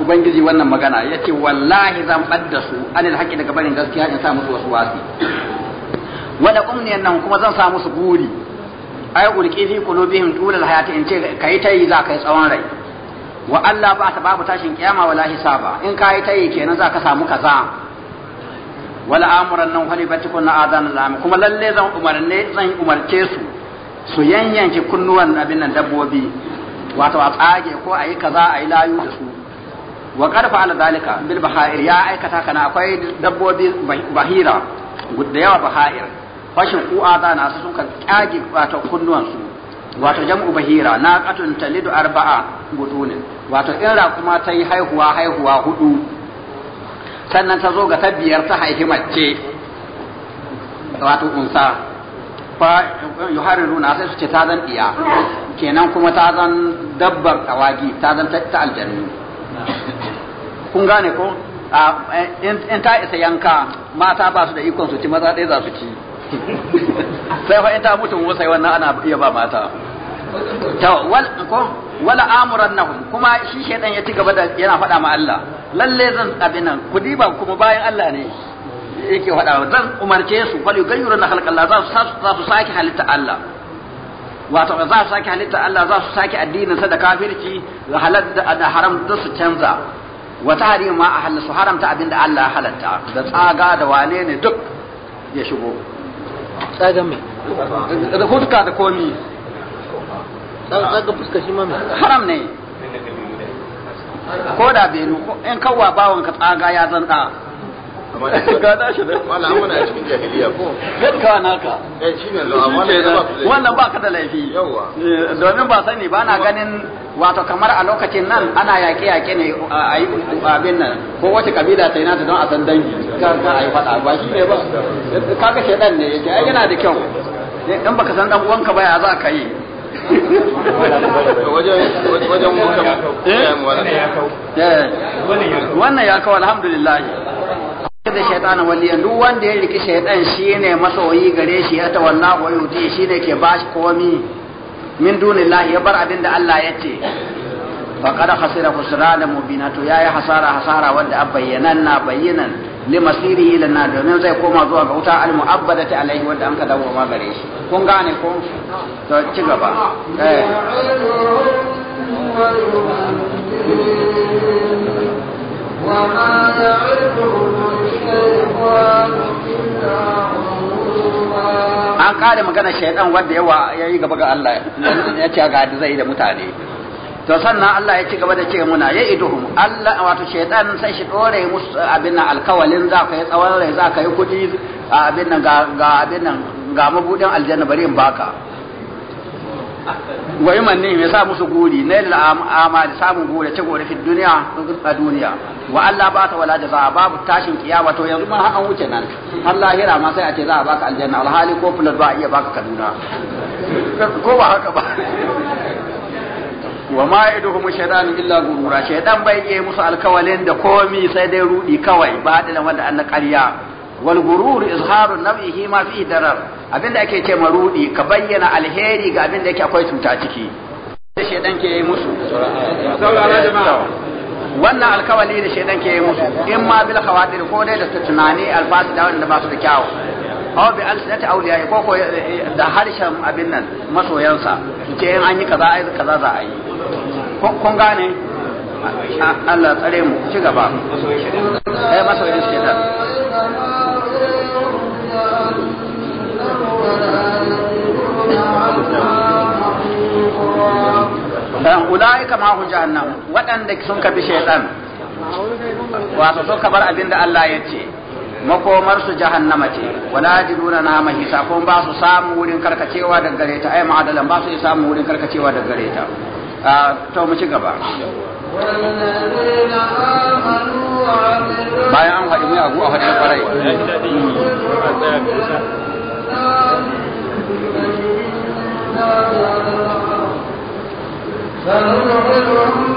S1: ubangiji wannan magana ya ce wallahi zan da su anil haƙi daga barin gaskiya in sa musu wasu wasi Wani umniyan nan kuma zan sa musu buri ay ulqi fi qulubihim tul alhayati in ce kai tayi za kai tsawon rai wa Allah ba ta babu tashin kiyama wala hisaba in kai tayi kenan za ka samu kaza wala amuran nan batikun na adan kuma lalle zan umarne zan umarce su
S2: su yanyanke
S1: kunnuwan abin nan dabbobi wato a tsage ko a yi kaza a yi layu da su wa karfa ala zalika bil bahair ya aikata kana akwai dabbobi bahira gudda yawa bahair fashin za na su suka kyage wato kunnuwan su wato jam'u bahira na qatun talidu arba'a butunin wato in kuma ta yi haihuwa haihuwa hudu sannan ta zo ga tabbiyar ta haihi mace wato unsa fa na sai su ce ta zan iya kenan kuma ta zan dabbar tawagi ta zan ta aljannu kun gane ko in ta isa yanka mata ba su da ikon su ci maza ɗaya za su ci sai fa in ta mutu wasai wannan ana iya ba mata to wal ko wala amuran nahum kuma shi shedan ya ci gaba da yana faɗa ma Allah lalle zan abinan nan ba kuma bayan Allah ne yake faɗa zan umarce su bal yughayyiru na Allah za su za su saki halitta Allah wato za su saki halitta Allah za su saki addinin sa da kafirci da halal da haram da su canza wa tahrim ma ahalla su haramta abinda Allah halatta da tsaga da wane ne duk ya shigo tsagan me da fuska da komi tsaga
S2: fuska shi ma haram ne ko da benu
S1: in kawwa bawon ka tsaga ya zanta
S2: ga na shi da wala amana a cikin jahiliya ko
S1: gatka naka eh shine zo amma ne wannan ba ka da laifi yawa eh, domin ba sani ba na ganin wato kamar a lokacin nan ana yaƙe yaƙe ne a yi abin nan ko wace kabila ta yana ta don a san dangi ka a yi faɗa ba shi ne ba kaga shedan ne yake ai yana da kyau eh, in baka san dan uwanka ba ya za ka yi wajen eh? wannan ya kawo alhamdulillah da shaytana waliyan duk wanda ya riki shi ne masoyi gare shi ya tawalla wa yuti shine ke bashi komi min dunillahi ya bar abin da Allah ya ce faqad khasira khusrana mubina to yayi hasara hasara wanda abayyanan na bayyanan masiri ila na domin zai koma zuwa ga wuta al mu'abbadati alaihi wanda an ka dawo ma gare shi kun gane ko
S2: to ci gaba eh وما يعرفهم an
S1: kare magana shaidan wanda yawa ya yi gaba ga Allah ya ce ga zai da mutane to sannan Allah ya ci gaba da ce muna ya iduhum Allah wato shaidan sai shi dore musu abin nan alkawalin za ka yi tsawon rai za ka yi kuɗi abin nan ga abin nan ga mabudin aljanna bari in baka wa yi manni ya sa musu guri na yi la'ama da samun guri ci gori fi duniya a duniya wa Allah ba ta wala jaza babu tashin kiyama to yanzu ma an wuce nan har lahira ma sai a ce za a baka aljanna alhali ko fulat ba a iya baka kaduna ko ba haka ba wa ma iduhum shaytan illa gurura shaytan bai yi musu alkawalin da komi sai dai rudi kawai ba da wanda an na ƙarya wal gurur izharu nawihi ma fi darar abinda ake ce marudi ka bayyana alheri ga abinda yake akwai cuta ciki da shedan ke yi musu wannan alkawali da shedan ke yi musu in ma bil khawadir ko dai da tunani alfasu da wanda ba su da kyawu aw bi alsinati awliya ko ko eh, da harshen abin nan masoyansa ce in an yi kaza ai kaza za a yi kun gane Allah tsare mu ci gaba eh masoyin shedan ula'ika ma hu jahannam waɗanda sun kafi shaytan wato sun kabar abinda Allah ya ce makomar su jahannama ce wala jiduna na mahisa ko ba su samu wurin karkacewa da gare ta ai ma'adalan ba su samu wurin karkacewa da gare ta ah, to mu ci gaba
S2: bayan an haɗi mu a faɗin farai.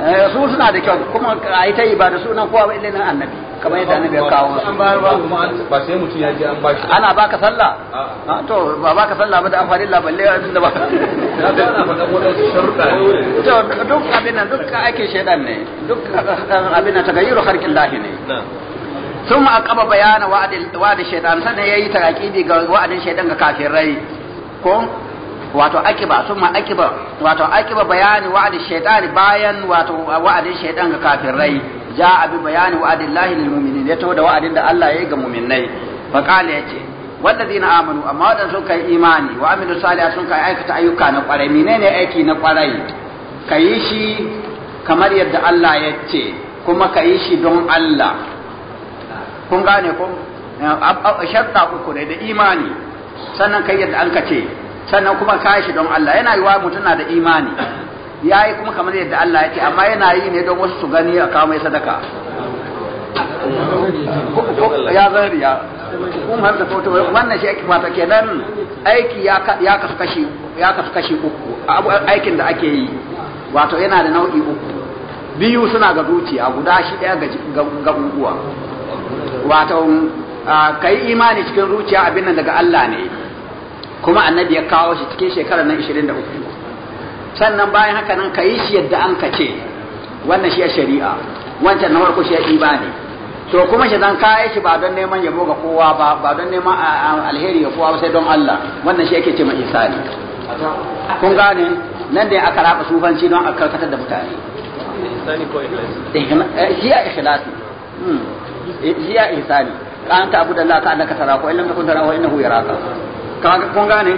S1: Eh, su suna da kyau kuma a yi ta yi ba da sunan kowa ba illin annabi kamar yadda annabi ya kawo ba sai mutum ya je an ba shi ana baka sallah ah, to ba baka sallah ba da amfani la balle ba to duk abin duk ake shedan ne duk eh, abin nan tagayyuru harkin lahi ne ثم أقب بيان وعد وعد الشيطان سنة يأتي تأكيد وعد الشيطان كافر رأي wato akiba summa akiba wato akiba bayani wa'adi shaytan bayan wato wa'adin shaytan ga kafirai ja abi bayani wa'adi lahi lil mu'minin yato da wa'adin da Allah ya yi ga mu'minai fa qala yace wallazina amanu amma wadan sun kai imani wa amilu salihat sun kai aikata ayyuka na kwarai menene aiki na kwarai kayi shi kamar yadda Allah ya ce kuma kayi shi don Allah kun gane ko sharta uku ne da imani sannan kai yadda an ka ce sannan kuma ka shi don Allah yana yiwa mutum na da imani ya yi kuma kamar yadda Allah ya ce amma yana yi ne don wasu su gani a kawo mai sadaka ya zan riya kun fahimta foto wannan shi aiki fata kenan aiki ya kasu kashi ya kasu kashi uku aikin da ake yi wato yana da nau'i uku biyu suna ga zuciya guda shi daya ga guguwa wato kai imani cikin zuciya abin nan daga Allah ne kuma annabi ya kawo shi cikin shekarar nan 23 sannan bayan haka nan ka yi shi yadda an ka ce wannan shi ya shari'a wancan na farko shi ya ibani to kuma shi zan kayan shi ba don neman yabo ga kowa ba ba don neman alheri ga kowa sai don Allah wannan shi yake ce ma insani kun gane nan da aka raba sufanci don a karkatar da mutane eh, shi ya ikhlasi hmm. shi ya ihsani ka anta abu da Allah ka annaka tara ko illam kun tara wa innahu yaraka kaga kun gane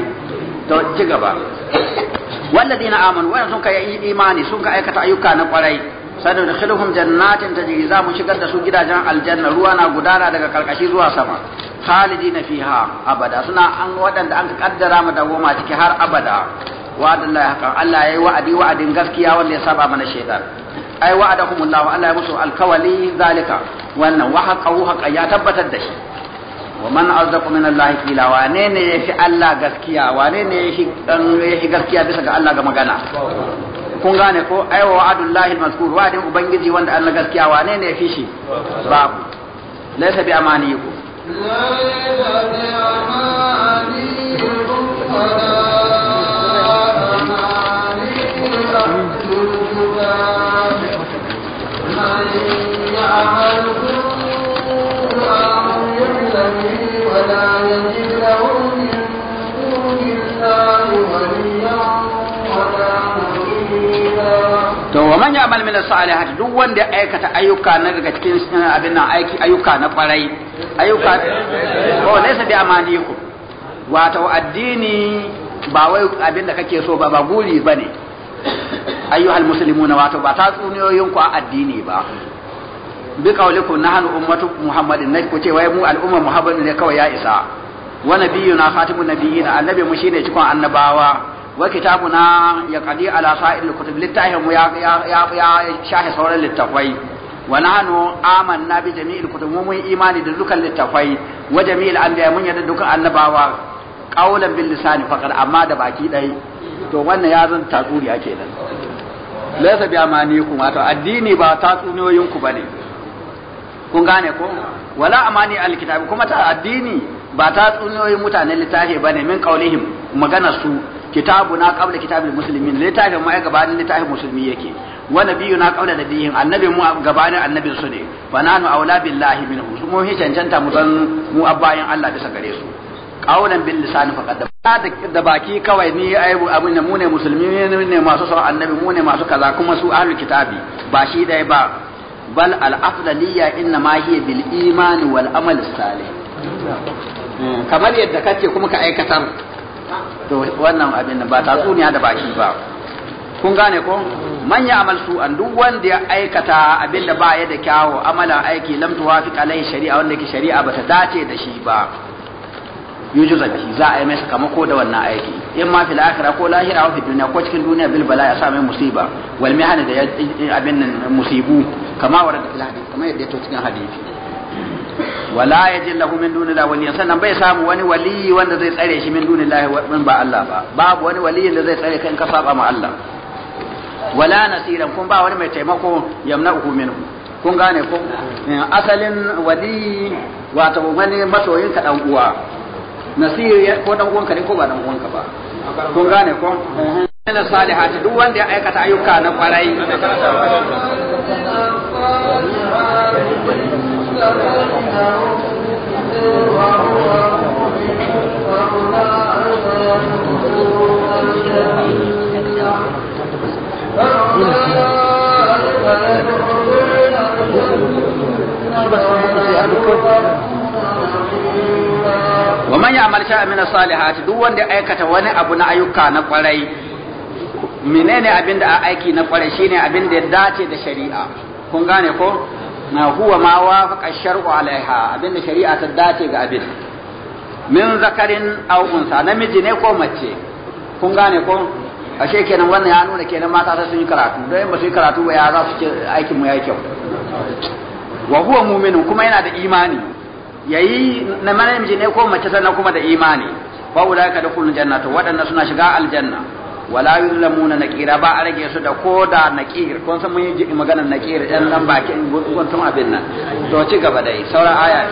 S1: to ci gaba walladina amanu wa sun kai imani sun ka aikata ayyuka na kwarai sanu da khilhum jannatin tajri za mu shigar da su gidajen aljanna ruwa na gudana daga karkashi zuwa sama khalidina fiha abada suna an waɗanda an kaddara mu dawoma ciki har abada wa'adin Allah hakan Allah yayi wa'adi wa'adin gaskiya wanda ya saba mana shaitan ai wa'adakumullahu Allah ya musu alkawali zalika wannan wa haqqahu ya tabbatar da shi wa man azaqu min Allah qila wane ne yafi Allah gaskiya wa ne ne yafi yafi gaskiya bisa ga Allah ga magana kun gane ko ai wa wa'adullahi mazkur wa'adin ubangiji wanda Allah gaskiya wa ne ne yafi shi babu laysa bi amaniyikum laysa bi
S2: amaniyikum ولا تجد له من دون الله وليا ولا To wa man
S1: ya'mal min as-salihat duk wanda ya aikata ayyuka na daga cikin eh, abin nan aiki ayyuka na kwarai ayyuka ko laysa bi amanikum wato addini ba wai abin da kake so ba ba guri bane ayyuhal muslimuna wato ba ta tsuniyoyin ku a addini ba bi kaulikum nahnu ummatu muhammadin ne ku ce wai mu al'umma muhammadin ne kawai ya isa wa nabiyuna khatimun nabiyina annabi mu shine cikon annabawa wa kitabuna ya qadi ala sa'il kutub littahi mu ya ya ya shahi sauran littafai wa nahnu amanna bi jami'il kutub mu mun imani da dukkan littafai wa jami'il anbiya mun yadda dukkan annabawa qaulan bil lisani faqad amma da baki dai to wannan ya zan tatsuriya kenan laysa bi amanikum wato addini ba tatsuniyoyinku bane kun gane ko wala amani alkitab kuma ta addini ba ta tsuniyoyin mutanen littafi ne min qaulihim magana su kitabu na qabla kitabil muslimin littafin mu ya gabanin littafin musulmi yake wa nabiyyu na qabla nabiyyin annabi mu gabanin annabin su ne fa nanu aula billahi minhu su mu cancanta mu san mu abbayin Allah bisa gare su qaulan bil lisan faqad da baki kawai ni aibu abin mu ne musulmi ne masu son annabi mu ne masu kaza kuma su ahlul kitabi ba shi dai ba bal al afdaliyya inna ma hiya bil iman wal amal salih Eh, kamar yadda kace kuma ka aikatar to wannan abin ba ta tatsuniya da baki ba kun gane ko man ya amal an duk wanda ya aikata abin da ba ya da kyawo amala aiki lam tuwafiq alai shari'a wanda ke shari'a ba ta dace da shi ba yuju zabi za a yi mai ko da wannan aiki in ma fil akhirah ko lahira ko duniya ko cikin duniya bil bala ya samu musiba wal mihana da abin nan musibu kama warada fil hadith kamar yadda ya to cikin hadisi wala yajid lahu min dunillahi waliya sannan bai samu wani wali wanda zai tsare shi min dunillahi min ba Allah ba babu wani wali da zai tsare ka in ka saba ma Allah wala nasiran kun ba wani mai taimako yamna'uhu minhu kun gane ko eh, asalin waliyi wato wani masoyin ka dan uwa nasiri ko dan uwanka ne ko ba dan uwanka ba kun gane ko eh, na salihati duk wanda ya aikata ayyuka na kwarai wa man ya'mal shay'an min salihati duk wanda ya aikata wani abu na ayyuka na kwarai menene abin da a aiki na kwarai shine abin da ya dace da shari'a kun gane ko na huwa ma wafaqa shar'u abinda shari'a ta dace ga abin min zakarin aw unsa namiji ne ko mace kun gane ko ashe kenan wannan ya nuna kenan mata ta sun yi karatu don in su yi karatu ba ya za su ce aikin mu ya kyau wa huwa mu'minun kuma yana da imani yayi na namiji ne ko mace sannan kuma da imani fa ulai ka dakhulul jannata wadanna suna shiga aljanna wala yulamuna nakira ba a rage su da koda nakir kun san mun yi magana nakir dan nan bakin kun san abin nan to ci gaba dai sauran aya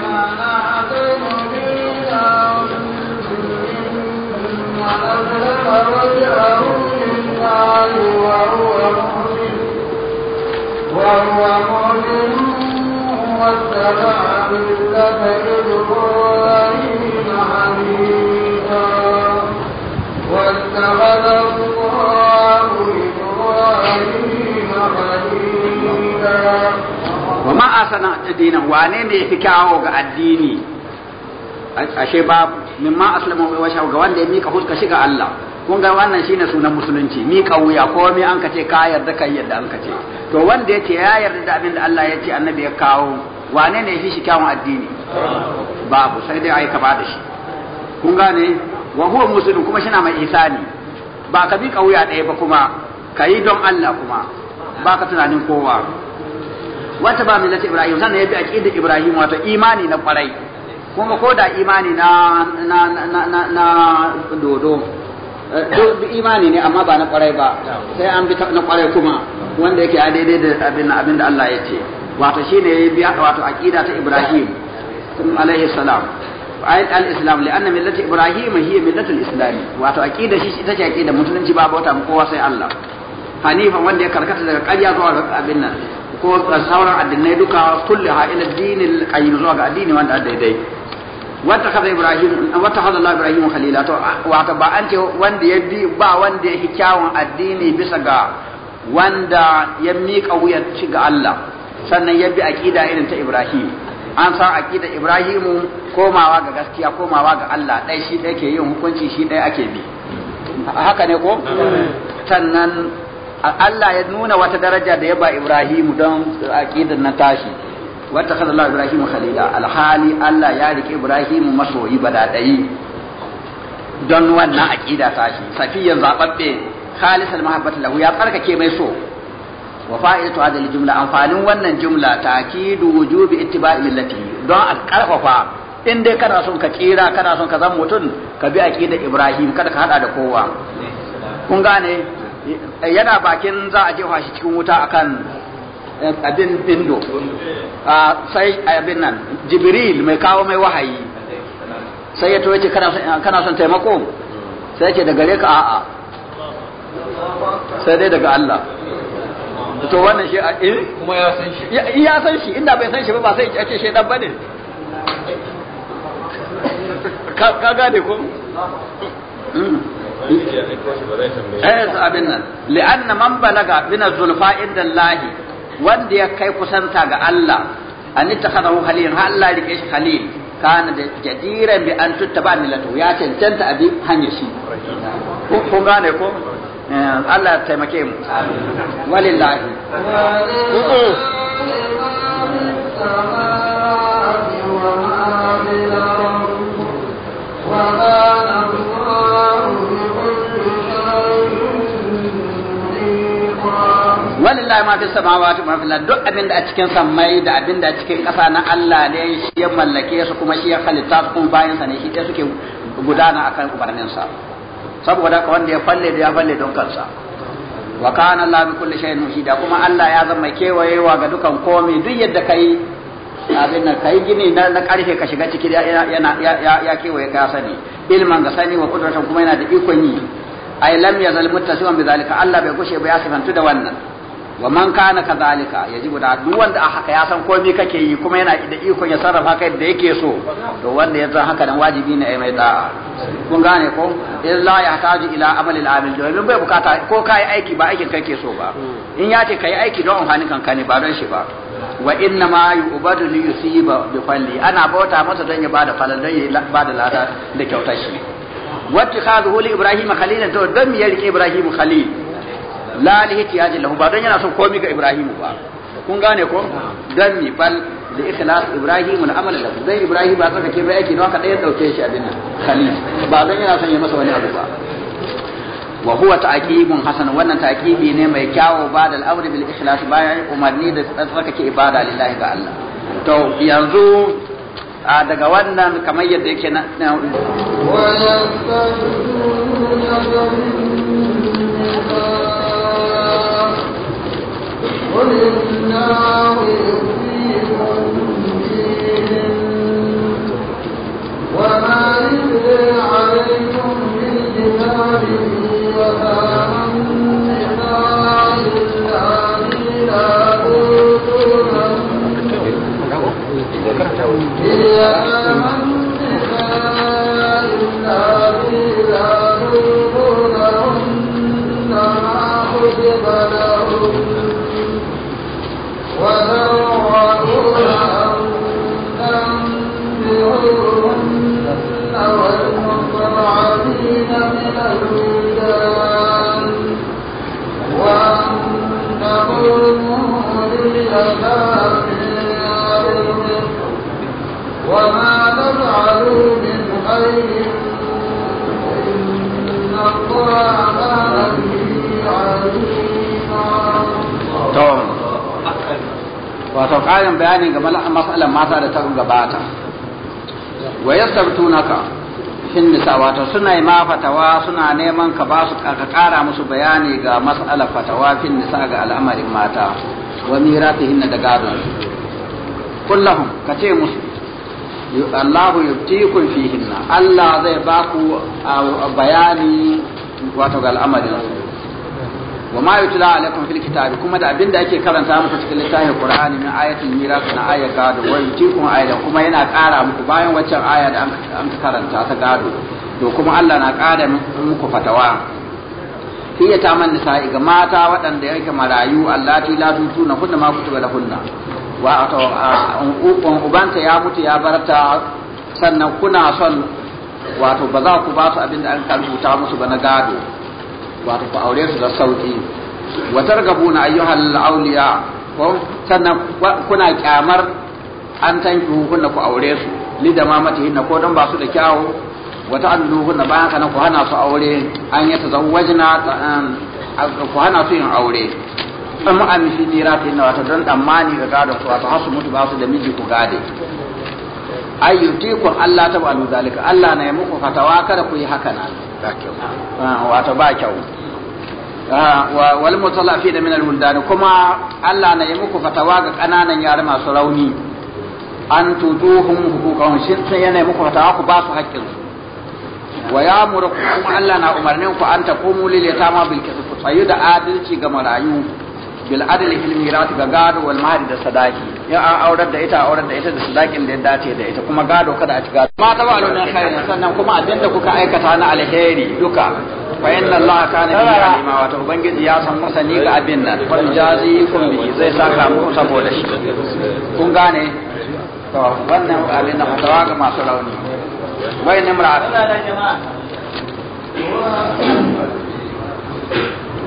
S2: وهو مؤمن واتبع اتخذ الله إبراهيم خليلا وما أحسن
S1: دينا وانين يفكاو الديني ashe babu mimma aslama wa washa ga wanda ya mika huska shiga Allah kun ga wannan shine sunan musulunci mika wuya ko mi an kace ka yarda kai yarda an kace to wanda yace ya yarda da abin da Allah yace annabi ya kawo wane ne ya fi shi kyawun addini babu sai dai ai ka ba da shi kun gane wa huwa muslim kuma shina mai ihsani ba ka bi kauya ɗaya ba kuma ka yi don Allah kuma ba ka tunanin kowa wata ba milata ibrahim sannan ya bi ƙidda ibrahim wato imani na kwarai kuma ko da imani na na na na, na dodo eh, imani ne amma ba na kwarai ba sai an bi na kwarai kuma wanda yake ya daidai da abin abin da Allah ya ce wato shine ya bi wato aqida ta ibrahim alaihi salam al-islam li'anna millati ibrahim hiya millatul islam wato aqida shi ita ce aqida musulunci babu wata kowa sai Allah hanifa wanda ya karkata daga ƙarya zuwa ga abin nan ko sauran addinai duka kulli ha ila dinil qayyim zuwa ga addini wanda daidai wata kaza ibrahim wata hada Allah ibrahim khalila to wato ba an ce wanda ya bi ba wanda ya kyawun addini bisa ga wanda ya miƙa wuyar ci ga Allah sannan ya bi aqida irin ta ibrahim an san aqida ibrahimu komawa ga gaskiya komawa ga Allah dai shi dai ke yin hukunci shi dai ake bi haka ne ko sannan Allah ya nuna wata daraja da ya ba ibrahimu don aqidan na tashi wata kada Allah ibrahimu khalila alhali Allah ya rike ibrahimu masoyi badadai don wannan aqida tashi safiyan zababbe khalisal mahabbata lahu ya tsarkake mai so wa fa'idatu hadhihi jumla amfanin wannan jumla takidu wujubi ittiba'i millati don a karfafa in dai kana son ka tsira kana son ka zama mutum ka bi aqidar Ibrahim kada ka hada da kowa kun gane yana bakin za a jefa shi cikin wuta akan eh, abin bindo sai abin nan Jibril mai kawo mai wahayi sai ya toye kana kana son taimako sai ya ce daga gare ka a'a sai dai daga Allah to wannan shi a eh kuma ya san shi ya san shi inda bai san shi ba ba sai ya ce dan bane ka gane
S2: ko hmm. eh sa abin nan
S1: li'anna man balaga min az-zulfa inda Allah wanda ya kai kusanta ga Allah an ittakhadahu khalil ha Allah rike shi khalil kana da jadiran bi an tuttaba milatu ya cancanta abi hanyar shi ko gane ko Eh, Allah ya taimake mu walillahi walillahi ma fi samawati ma fi la duk abin da a cikin sammai da abin da a cikin ƙasa na Allah ne shi ya mallake su kuma shi ya halitta su kuma bayan sa ne shi ta suke gudana akan ubarnin sa saboda ka wanda ya falle da ya falle don kansa wa kana Allah bi kulli shay'in muhida kuma Allah ya zama kewayewa ga dukan komai duk yadda kai abin nan kai gini na na karfe ka shiga ciki yana ya kewaye ka sani ilman ga sani wa kudratan kuma yana da ikon yi ai lam yazal muttasiman bi zalika Allah bai gushe ba ya sifantu da wannan wa man kana kadhalika yajibu da duk wanda a haka ya san komai kake yi kuma yana da ikon ya sarrafa kai da yake so to wanda ya san haka dan wajibi ne ai mai da kun gane ko illa yahtaju ila amali al-amil da bai bukata ko kai aiki ba aikin kake so ba in ya ce kai aiki don amfanin kanka ne ba don shi ba wa inna ma yu'badu li yusiba bi falli ana bauta masa don ya bada falal don ya bada lada da kyautar shi wa ittikhadhu li ibrahima khalilan to dan ya rike ibrahima khalil la li ihtiyaji lahu ba don yana son komi ga Ibrahim ba kun gane ko dan mi bal da ikhlas Ibrahim na amala lahu dai Ibrahim ba saka ke aiki don haka dai dauke shi a nan khalil ba don yana son ya masa wani abu ba wa huwa ta'qibun hasan wannan ta'qibi ne mai kyawo ba da al'amri bil ikhlas bayan umarni da ke ibada lillahi ga Allah to yanzu a daga wannan kamar yadda yake na
S2: wa أدخلنا النار
S1: ƙarin bayani ga matsalar mata da ta gabata
S2: wa ka fin nisa wato suna yi
S1: ma fatawa suna neman ka ba su ka ƙara musu bayani ga matsalar fatawa fin nisa ga al'amarin mata wa miratihinna da gadon kullahum ka ce musu Allahu yubtikum fihinna Allah zai ba ku bayani wato ga al'amarin su ma ala alaikum fil kitabi kuma da abinda ake karanta muku cikin littafin kur'ani min ayatul miras na aya gado wai cikin aya kuma yana ƙara muku bayan waccan aya da an karanta ta gado to kuma Allah na ƙara muku fatawa hiya ta man nisa'i ga mata waɗanda yake marayu allati la tutuna kunna ma kutuba lahunna wa ato an ubanta ya mutu ya barata sannan kuna son wato ba za ku ba su abinda an karbuta musu ba na gado wato ku aure su da sauki wa targabuna ayyuhal awliya ko sannan kuna kyamar an tanki hukunna ku aure su li da mamatihinna ko don ba su da kyawu wa ta'alluhunna bayan kana ku hana su aure an yata zawajna um, ku hana su yin aure an mu'ami fi ta na wata don tsammani ga gado su wata hasu mutu ba su da miji ku gade ayyuti ku Allah ta ba'alu zalika Allah na yi muku fatawa kada ku yi haka nan Ah, wato ba kyau ah, wal mutalafi da min al kuma Allah na yi muku fatawa ga kananan yara masu rauni an tutuhum hukukan shi sai yana muku fatawa ku ba su haƙƙin su wa ya kuma Allah na umarnin ku an ta lil yatama bil bilkisu. ku tsayu da adalci ga marayu bil adli fil mirat ga gado wal mahari da sadaki ya an aurar da ita aurar da ita da sadakin da ya dace da ita kuma gado kada a ci gado ma ta ba'alu min khairin sannan kuma da kuka aikata na alheri duka fa inna allaha kana bi alima wa ubangiji ya san masani ga abin nan fa jazi kun bi zai saka mu saboda shi kun gane to wannan abin da fatawa ga masu rauni wai ne mura'a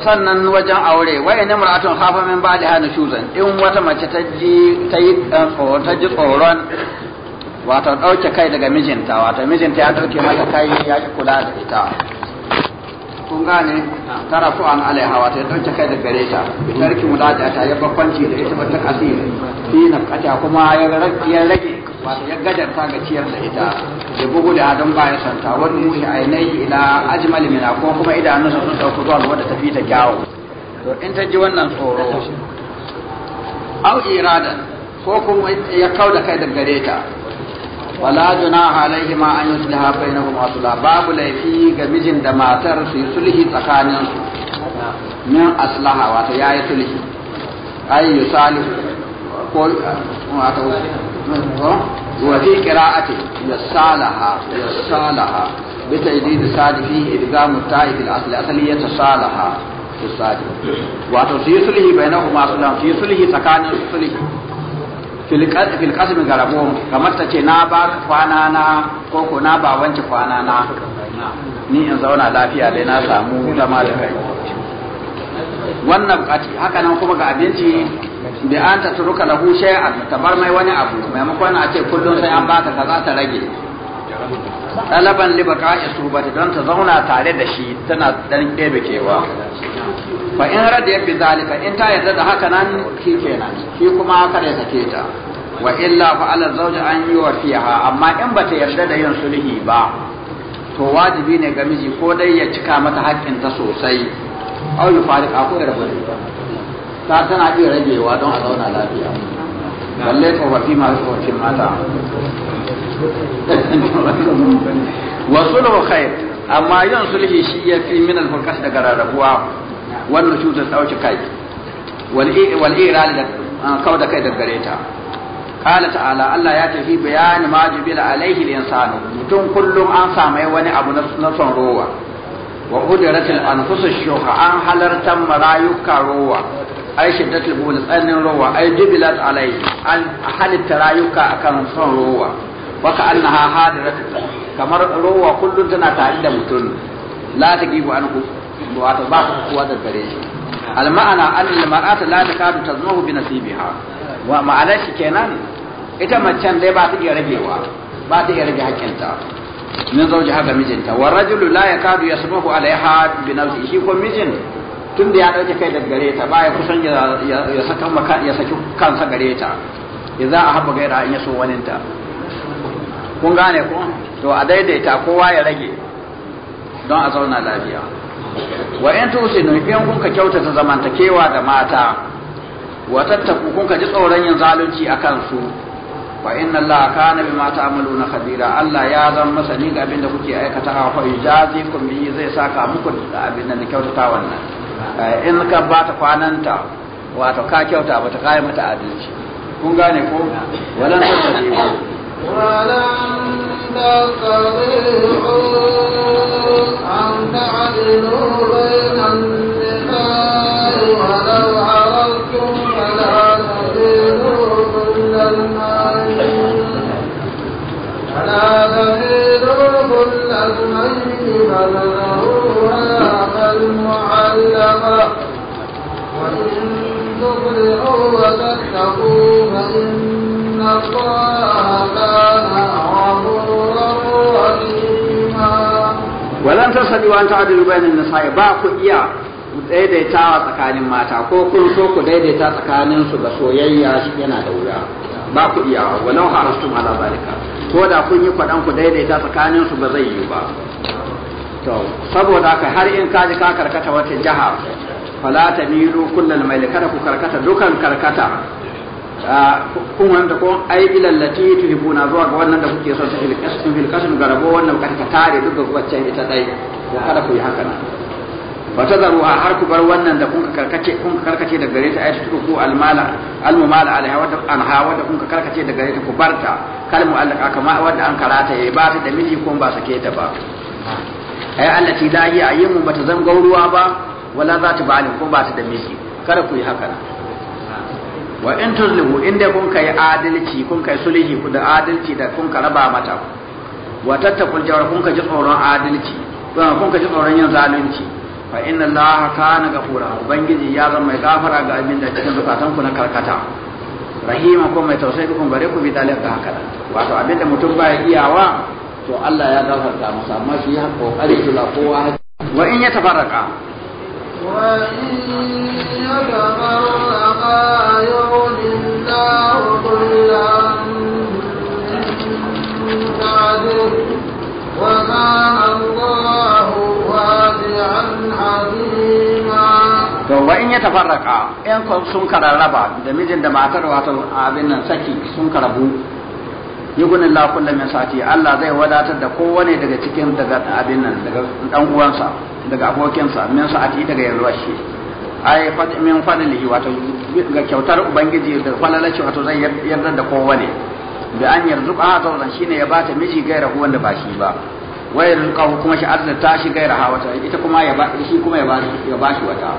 S1: sannan wajen aure wa ina mar'atun hafa min ba'daha shuzan in wata mace ta ji ta yi eh, ta ji tsoron wato dauke kai daga mijinta wato mijinta ya dauke mata kai ya ki kula da ita kun gane tara fu an alai hawa ta dauke kai da gare ta bitarki mulaja ta ya bakwanci da ita bata shi na. kata kuma ya rage ya rage wato ya gadarta ga ciyar da ita Da bugu da adam ba ya santa wani muhi ainai ila ajmal min ko kuma idanunsa sun dauko zuwa wanda tafi ta kyawu to in ta ji wannan tsoro au iradan ko kuma ya kauda kai da gare ta ولا جناح عليهما ان يصلحا بينهما صلا باب لفي غمجن دما تر في صلح تخانن من اصلح وات يا يصلح اي يصالح قول وات هو في قراءته يصالح يصالح بتجديد صاد فيه ادغام التاء في الاصل اصليه تصالح تصالح وات في صلح بينهما صلا في صلح تخانن صلح fil kasmi ga kamar ta ce na ba kwana na koko na ba wance kwana na ni in zauna lafiya dai na samu zama da kai wannan kati haka nan kuma ga abinci bi an ta turuka lahu shay'an ta bar mai wani abu maimakon a ce kullum sai an baka kaza ta rage ɗalaban liba ya isu don ta zauna tare da shi tana ɗan ɗebe kewa fa in rada yafi zalika in ta yarda da haka nan shi kenan shi kuma kada ya sake ta wa illa fa ala zawji an yi wa fiha amma in bata yarda da yin sulhi ba to wajibi ne ga miji ko dai ya cika mata haƙƙin ta sosai au yi ko ya rabu ta tana iya ragewa don a zauna lafiya balle tsofaffi masu tsofaffin mata wasu khair amma yin sulhi shi ya fi min alfurkas daga rarrabuwa wannan cutar ɗauki kai wal'ira da kawo da kai daggare ta ƙala ta'ala Allah ya tafi bayani ma jibila alaihi da insanu mutum kullum an sami wani abu na son rowa wa ƙudiratul anfusu shuka an halartar marayuka rowa ai shiddatul buhul tsanin rowa ai jubilat alai an halitta rayuka akan son rowa waka annaha hadiratu kamar rowa kullun tana tare da mutum la taqibu anhu wato ba ta kuwa da gare shi al ma'ana annal mar'ata la takadu tazmahu bi nasibiha wa ma'ana shi kenan ita macen dai ba ta iya ragewa ba ta iya rage hakkinta min zauji haka mijinta wa rajulu la yakadu yasmahu alaiha bi nafsihi ko mijin tun da ya ɗauke kai daga gare ta baya kusan ya saki kansa gare ta a haɓa gaira in wani ta kun gane ko to a daidaita kowa ya rage don a zauna lafiya wa tusi tusinu in kun ka kyautata zamantakewa da mata wa tattaku kun ka ji tsoron yin zalunci a su fa inna allaha kana bima ta'maluna khabira allah ya zan masani ga abin da kuke aikata a fa yujazikum bi zai saka muku da abin da kyautata wannan Eh, in ka ba ta kwananta wato ka kyauta ba ta kayan mata adalci kun gane ko walan
S2: ta tsare ko ولا تزيدوا كل الميت بل المعلقة وإن تبرئوا وتتقوا فإن الله كان غفورا رحيما ولن
S1: تستطيعوا أن تعدلوا بين النساء إياه daidaitawa tsakanin mata ko kun so ku daidaita tsakanin su ga soyayya shi yana da wuya ba ku iya walau ma la zalika ko da kun yi fadan ku daidaita tsakanin su ba zai yi ba to saboda haka har in ka ji ka karkata wata jaha fala ta milu kullal mai kada ku karkata dukan karkata kun wanda ko ai ilal lati tuhibuna zuwa ga wannan da kuke son fil kasm fil kasm garabo wannan karka tare duk ga wacce ita dai wa kada ku yi haka nan zaru a har ku bar wannan da kun karkace kun karkace da gare ta ayatu ku almala almumala alaiha wa anha wa da kun karkace da gare ta ku barta kalmu allaka kama wanda an karata ya ba ta da miji ko ba sake ta ba ay allati la hiya ayyamu bata zan gauruwa ba wala za ta ba'alin ko ba ta da miji kada ku yi haka wa in tuzlihu inda kun kai adalci kun kai sulhi ku da adalci da kun karaba mata wa tattakul jawar kun ka ji tsoron adalci kun ka ji tsoron yin zalunci fa inna allaha kana ghafura ubangiji ya zama mai gafara ga abin da cikin zakatan ku na karkata rahima ko mai tausayi kun bare ku bi dalil ka haka wato abin da mutum baya iyawa to Allah ya gafarta masa amma shi ya kokari kowa wa in ya tafarraka
S2: wa in ya tafarraka yuridillahu kullam
S1: wa kana Allahu wasi'an halima to wa in ya tafarraka sun kararraba da mijin da matar wato abin nan saki sun karabu yugun Allah kullum min sa'ati Allah zai wadatar da kowane daga cikin daga abin nan daga dan uwansa daga abokinsa min sa'ati daga yalwar shi ai fat min fadlihi wato ga kyautar ubangiji da falalaci wato zai yarda da kowane da an yarzuqa zauran shine ya bata miji gaira wanda ba shi ba wayar kawo kuma shi ta shi gaira ha wata ita kuma ya ba shi kuma ya ba shi wata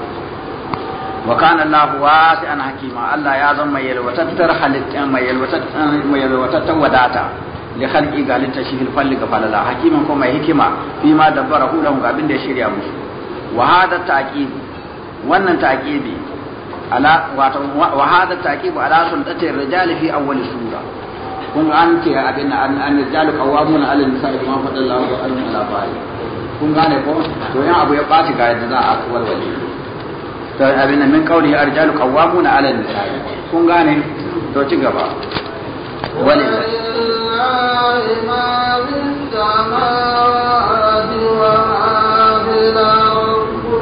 S1: wa kana Allahu wasi'an hakima Allah ya zama mai yalwatattar halittar mai yalwatattar mai yalwatattar wadata li khalqi galita shi falli ga falala hakiman ko mai hikima fi ma dabbara hulan ga da ya shirya musu wa hada taqib wannan taqibi ala wato wa hada taqib ala sultatir rijal fi awwal sura kun an ce abin an an rijal qawamuna ala nisa'i ma fadalla Allahu ala ko yan abu ya baci ga za a walwale abin min qawli arjalu qawwamuna 'ala an-nisa kun gane to ci gaba
S2: walillahi ma fis samawati wa fil ardi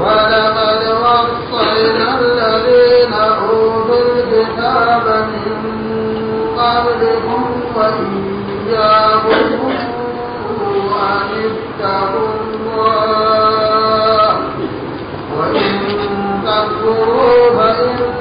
S2: wa laqad wassayna alladhina utul kitaba min qablikum wa iyyakum an ittaqu تبدوا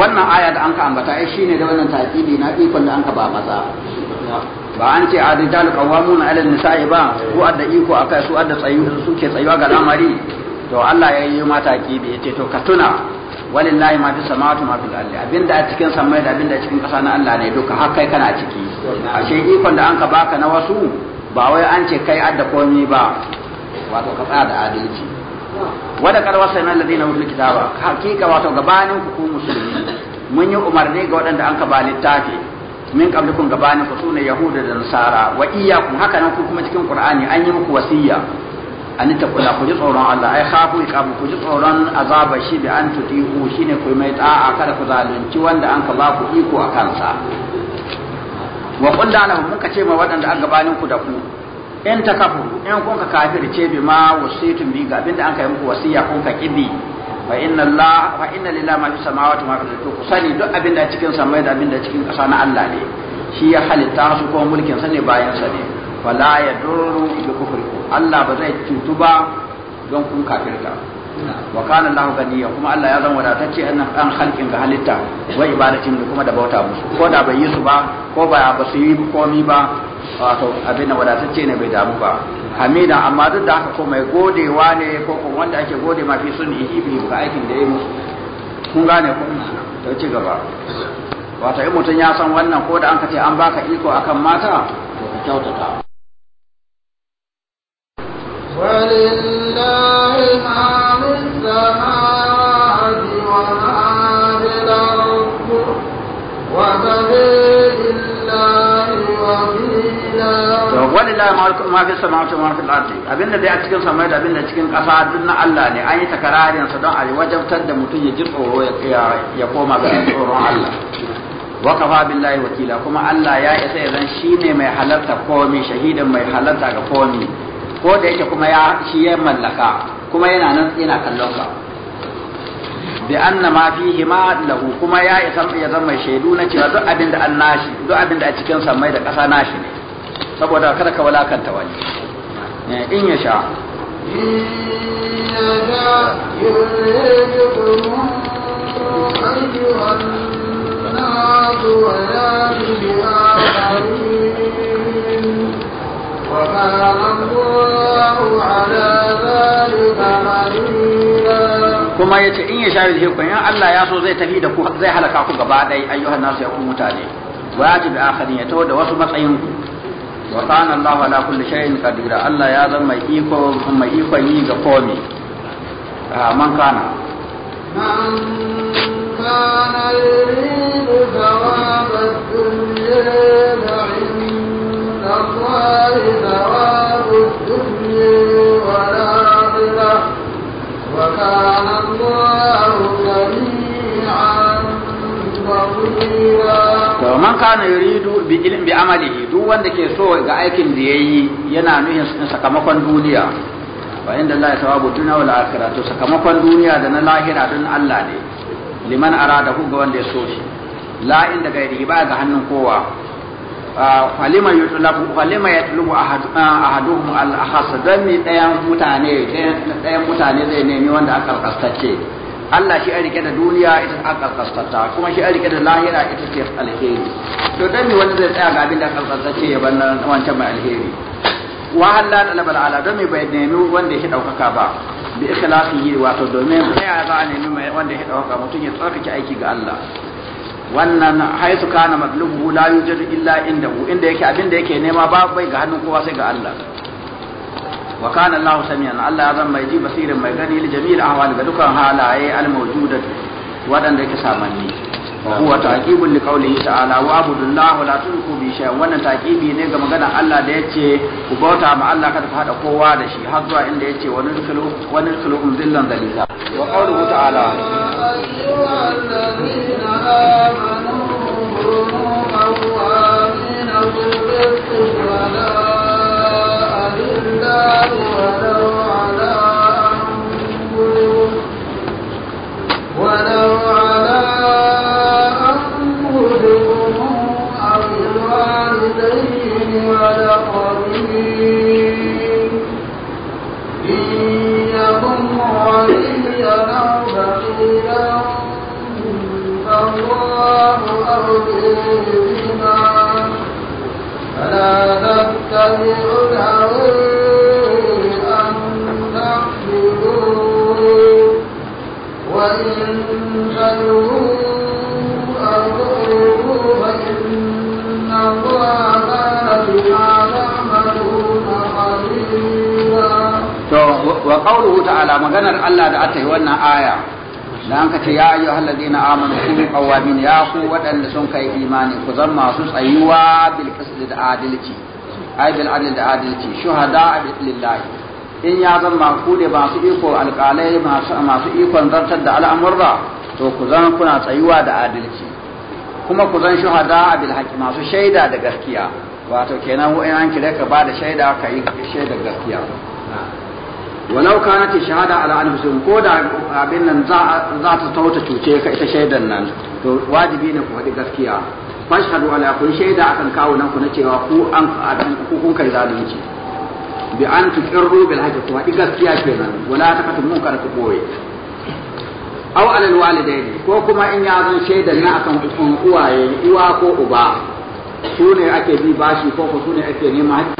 S2: wannan
S1: aya da an ka ambata ai shine da wannan takibi na ikon da an ka ba maza ba an ce adidal qawamun ala nisa'i ba ko adda iko akai su adda tsayu suke tsayuwa ga lamari to Allah ya yi mata kibi yace to ka tuna walillahi ma fi samawati ma fil ardi abinda a cikin samai da abinda a cikin ƙasa na Allah ne duka har kai kana ciki ashe ikon da an ka baka na wasu ba wai an ce kai adda komai ba wato ka tsaya da adalci wada karwa sai nan ladina wutul kitaba hakika wato gabanin ku ku musulmi mun yi umarni ga waɗanda an ka ba littafi min qablikum gabanin ku sune yahuda da nasara wa iyyakum haka nan ku kuma cikin qur'ani an yi muku wasiyya an ta kula ku ji tsoron Allah ai khafu iqabu ku ji tsoron azaba shi da an tuti'u shine ku mai ta'a kada ku zalunci wanda an ka ba ku iko a kansa wa qulna lahum muka ce ma waɗanda an gabanin ku da ku in ta kafu in kun ka kafirce bi ma wasitum bi ga abinda an kai muku wasiya kun ka kibi fa inna Allah fa inna lillahi ma fi samawati ma fi ku sani duk abinda cikin samai da abinda cikin ƙasa na Allah ne shi ya halitta su ko mulkin sa ne bayan sa ne wala duru bi kufri Allah ba zai cutu ba don kun kafirta wa kana Allahu ganiya kuma Allah ya zama wadatacce annan an halkin ga halitta wa ibadatin kuma da bauta musu ko da bai yi su ba ko ba ba su yi komi ba wato abin da wadatacce ne bai damu ba hamida amma duk da haka ko mai godewa ne ko kuma wanda ake gode ma fi sun yi bi ga aikin da ya musu kun gane ko to ci gaba wato in mutum ya san wannan ko da an ka ce an baka iko akan mata to ka kyautata ولله ما في السماوات ma fi samawati ma fi al-ardi abinda dai a cikin samai da abinda cikin ƙasa duk na Allah ne an yi takararin sa don a wajabtar da mutum ya ji tsoro ya koma ga tsoron Allah wa kafa billahi wakila kuma Allah ya isa ya zan shine mai halarta komi shahidan mai halarta ga komi ko da yake kuma ya shi ya mallaka kuma yana nan yana kallon ka bi anna ma fihi ma lahu kuma ya isa ya zama shaidu na cewa duk abin da Allah shi duk abin da a cikin samai da ƙasa nashi ne saboda kada ka walakanta wani eh, in ya sha kuma yace in ya share shi kun Allah ya so zai tafi da ku zai halaka ku gaba dai ayyuhan nasu ya ku mutane wa yati bi akhirin ya tawo da wasu matsayin ku wa kana Allah ala kulli shay'in qadira Allah ya zama mai iko kuma mai iko yi ga komai man kana
S2: man kana yuridu thawaba dunya الله
S1: man kana yuridu bi ilm bi amalihi duk wanda ke so ga aikin da yayi yana nuhin sakamakon duniya wa inda Allah sababu dunya wal akhirah to sakamakon duniya da na lahira don Allah ne liman arada ku ga wanda ya so shi la inda gairi ba ga hannun kowa Ah, falima yutlabu falima yatlubu ah, ahaduhum al akhas dan ni dayan mutane dayan mutane zai nemi wanda aka kastace Allah shi arike da duniya ita aka kastata kuma shi arike da lahira ita ce alheri to dan ni wanda zai tsaya ga abin da aka kastace ya bar nan wancan mai alheri wa halla talabal ala dan mai bai nemi wanda shi daukaka ba bi ikhlasihi wato domin sai ya za a nemi wanda shi daukaka mutun ya tsarkake aiki ga Allah wannan haisu kana madlubu la yujad illa hu inda yake abin da yake nema ba bai ga hannun kowa sai ga Allah wa kana Allah samian Allah ya zan mai ji basirin mai gani li jami'il ahwal ga dukkan halaye al mawjudat wadanda yake samanni wa huwa taqibun li qawlihi ta'ala wa abudullahu la tunku bi shay wannan taqibi ne ga magana Allah da yace ku bauta ma Allah kada ku hada kowa da shi har zuwa inda yace wani nudkhilu wani nudkhilu zillan dalila wa
S2: qawluhu ta'ala ولا أهل الله
S1: wa qawluhu ta'ala maganar Allah da aka yi wannan aya da an kace ya ayu halladina amanu kun qawamin ya ku wadanda sun kai imani ku zan masu tsayuwa bil qisd da adalci ay bil adl da adalci shuhada lillahi in ya zan ma ku da masu iko alqalai masu masu ikon zartar da al'amurra to ku zan kuna tsayuwa da adalci kuma ku zan shuhada bil haqi masu shaida da gaskiya wato kenan in an kire ka ba da shaida ka yi shaida gaskiya
S2: walau kanat
S1: shahada ala anfusihim ko da abin nan za ta tauta cuce ka ita shaidan nan to wajibi ne ku faɗi gaskiya fashhadu ala kun shaida akan kawo nan ku na cewa ku an abin ku kun kai zalunci bi an tuqirru bil haqqi ku faɗi gaskiya kenan wala takatumun kar ku boye aw ala al walidaini ko kuma in ya zan shaidan na akan uwaye uwa ko uba su ne ake bi bashi ko ko su ne ake neman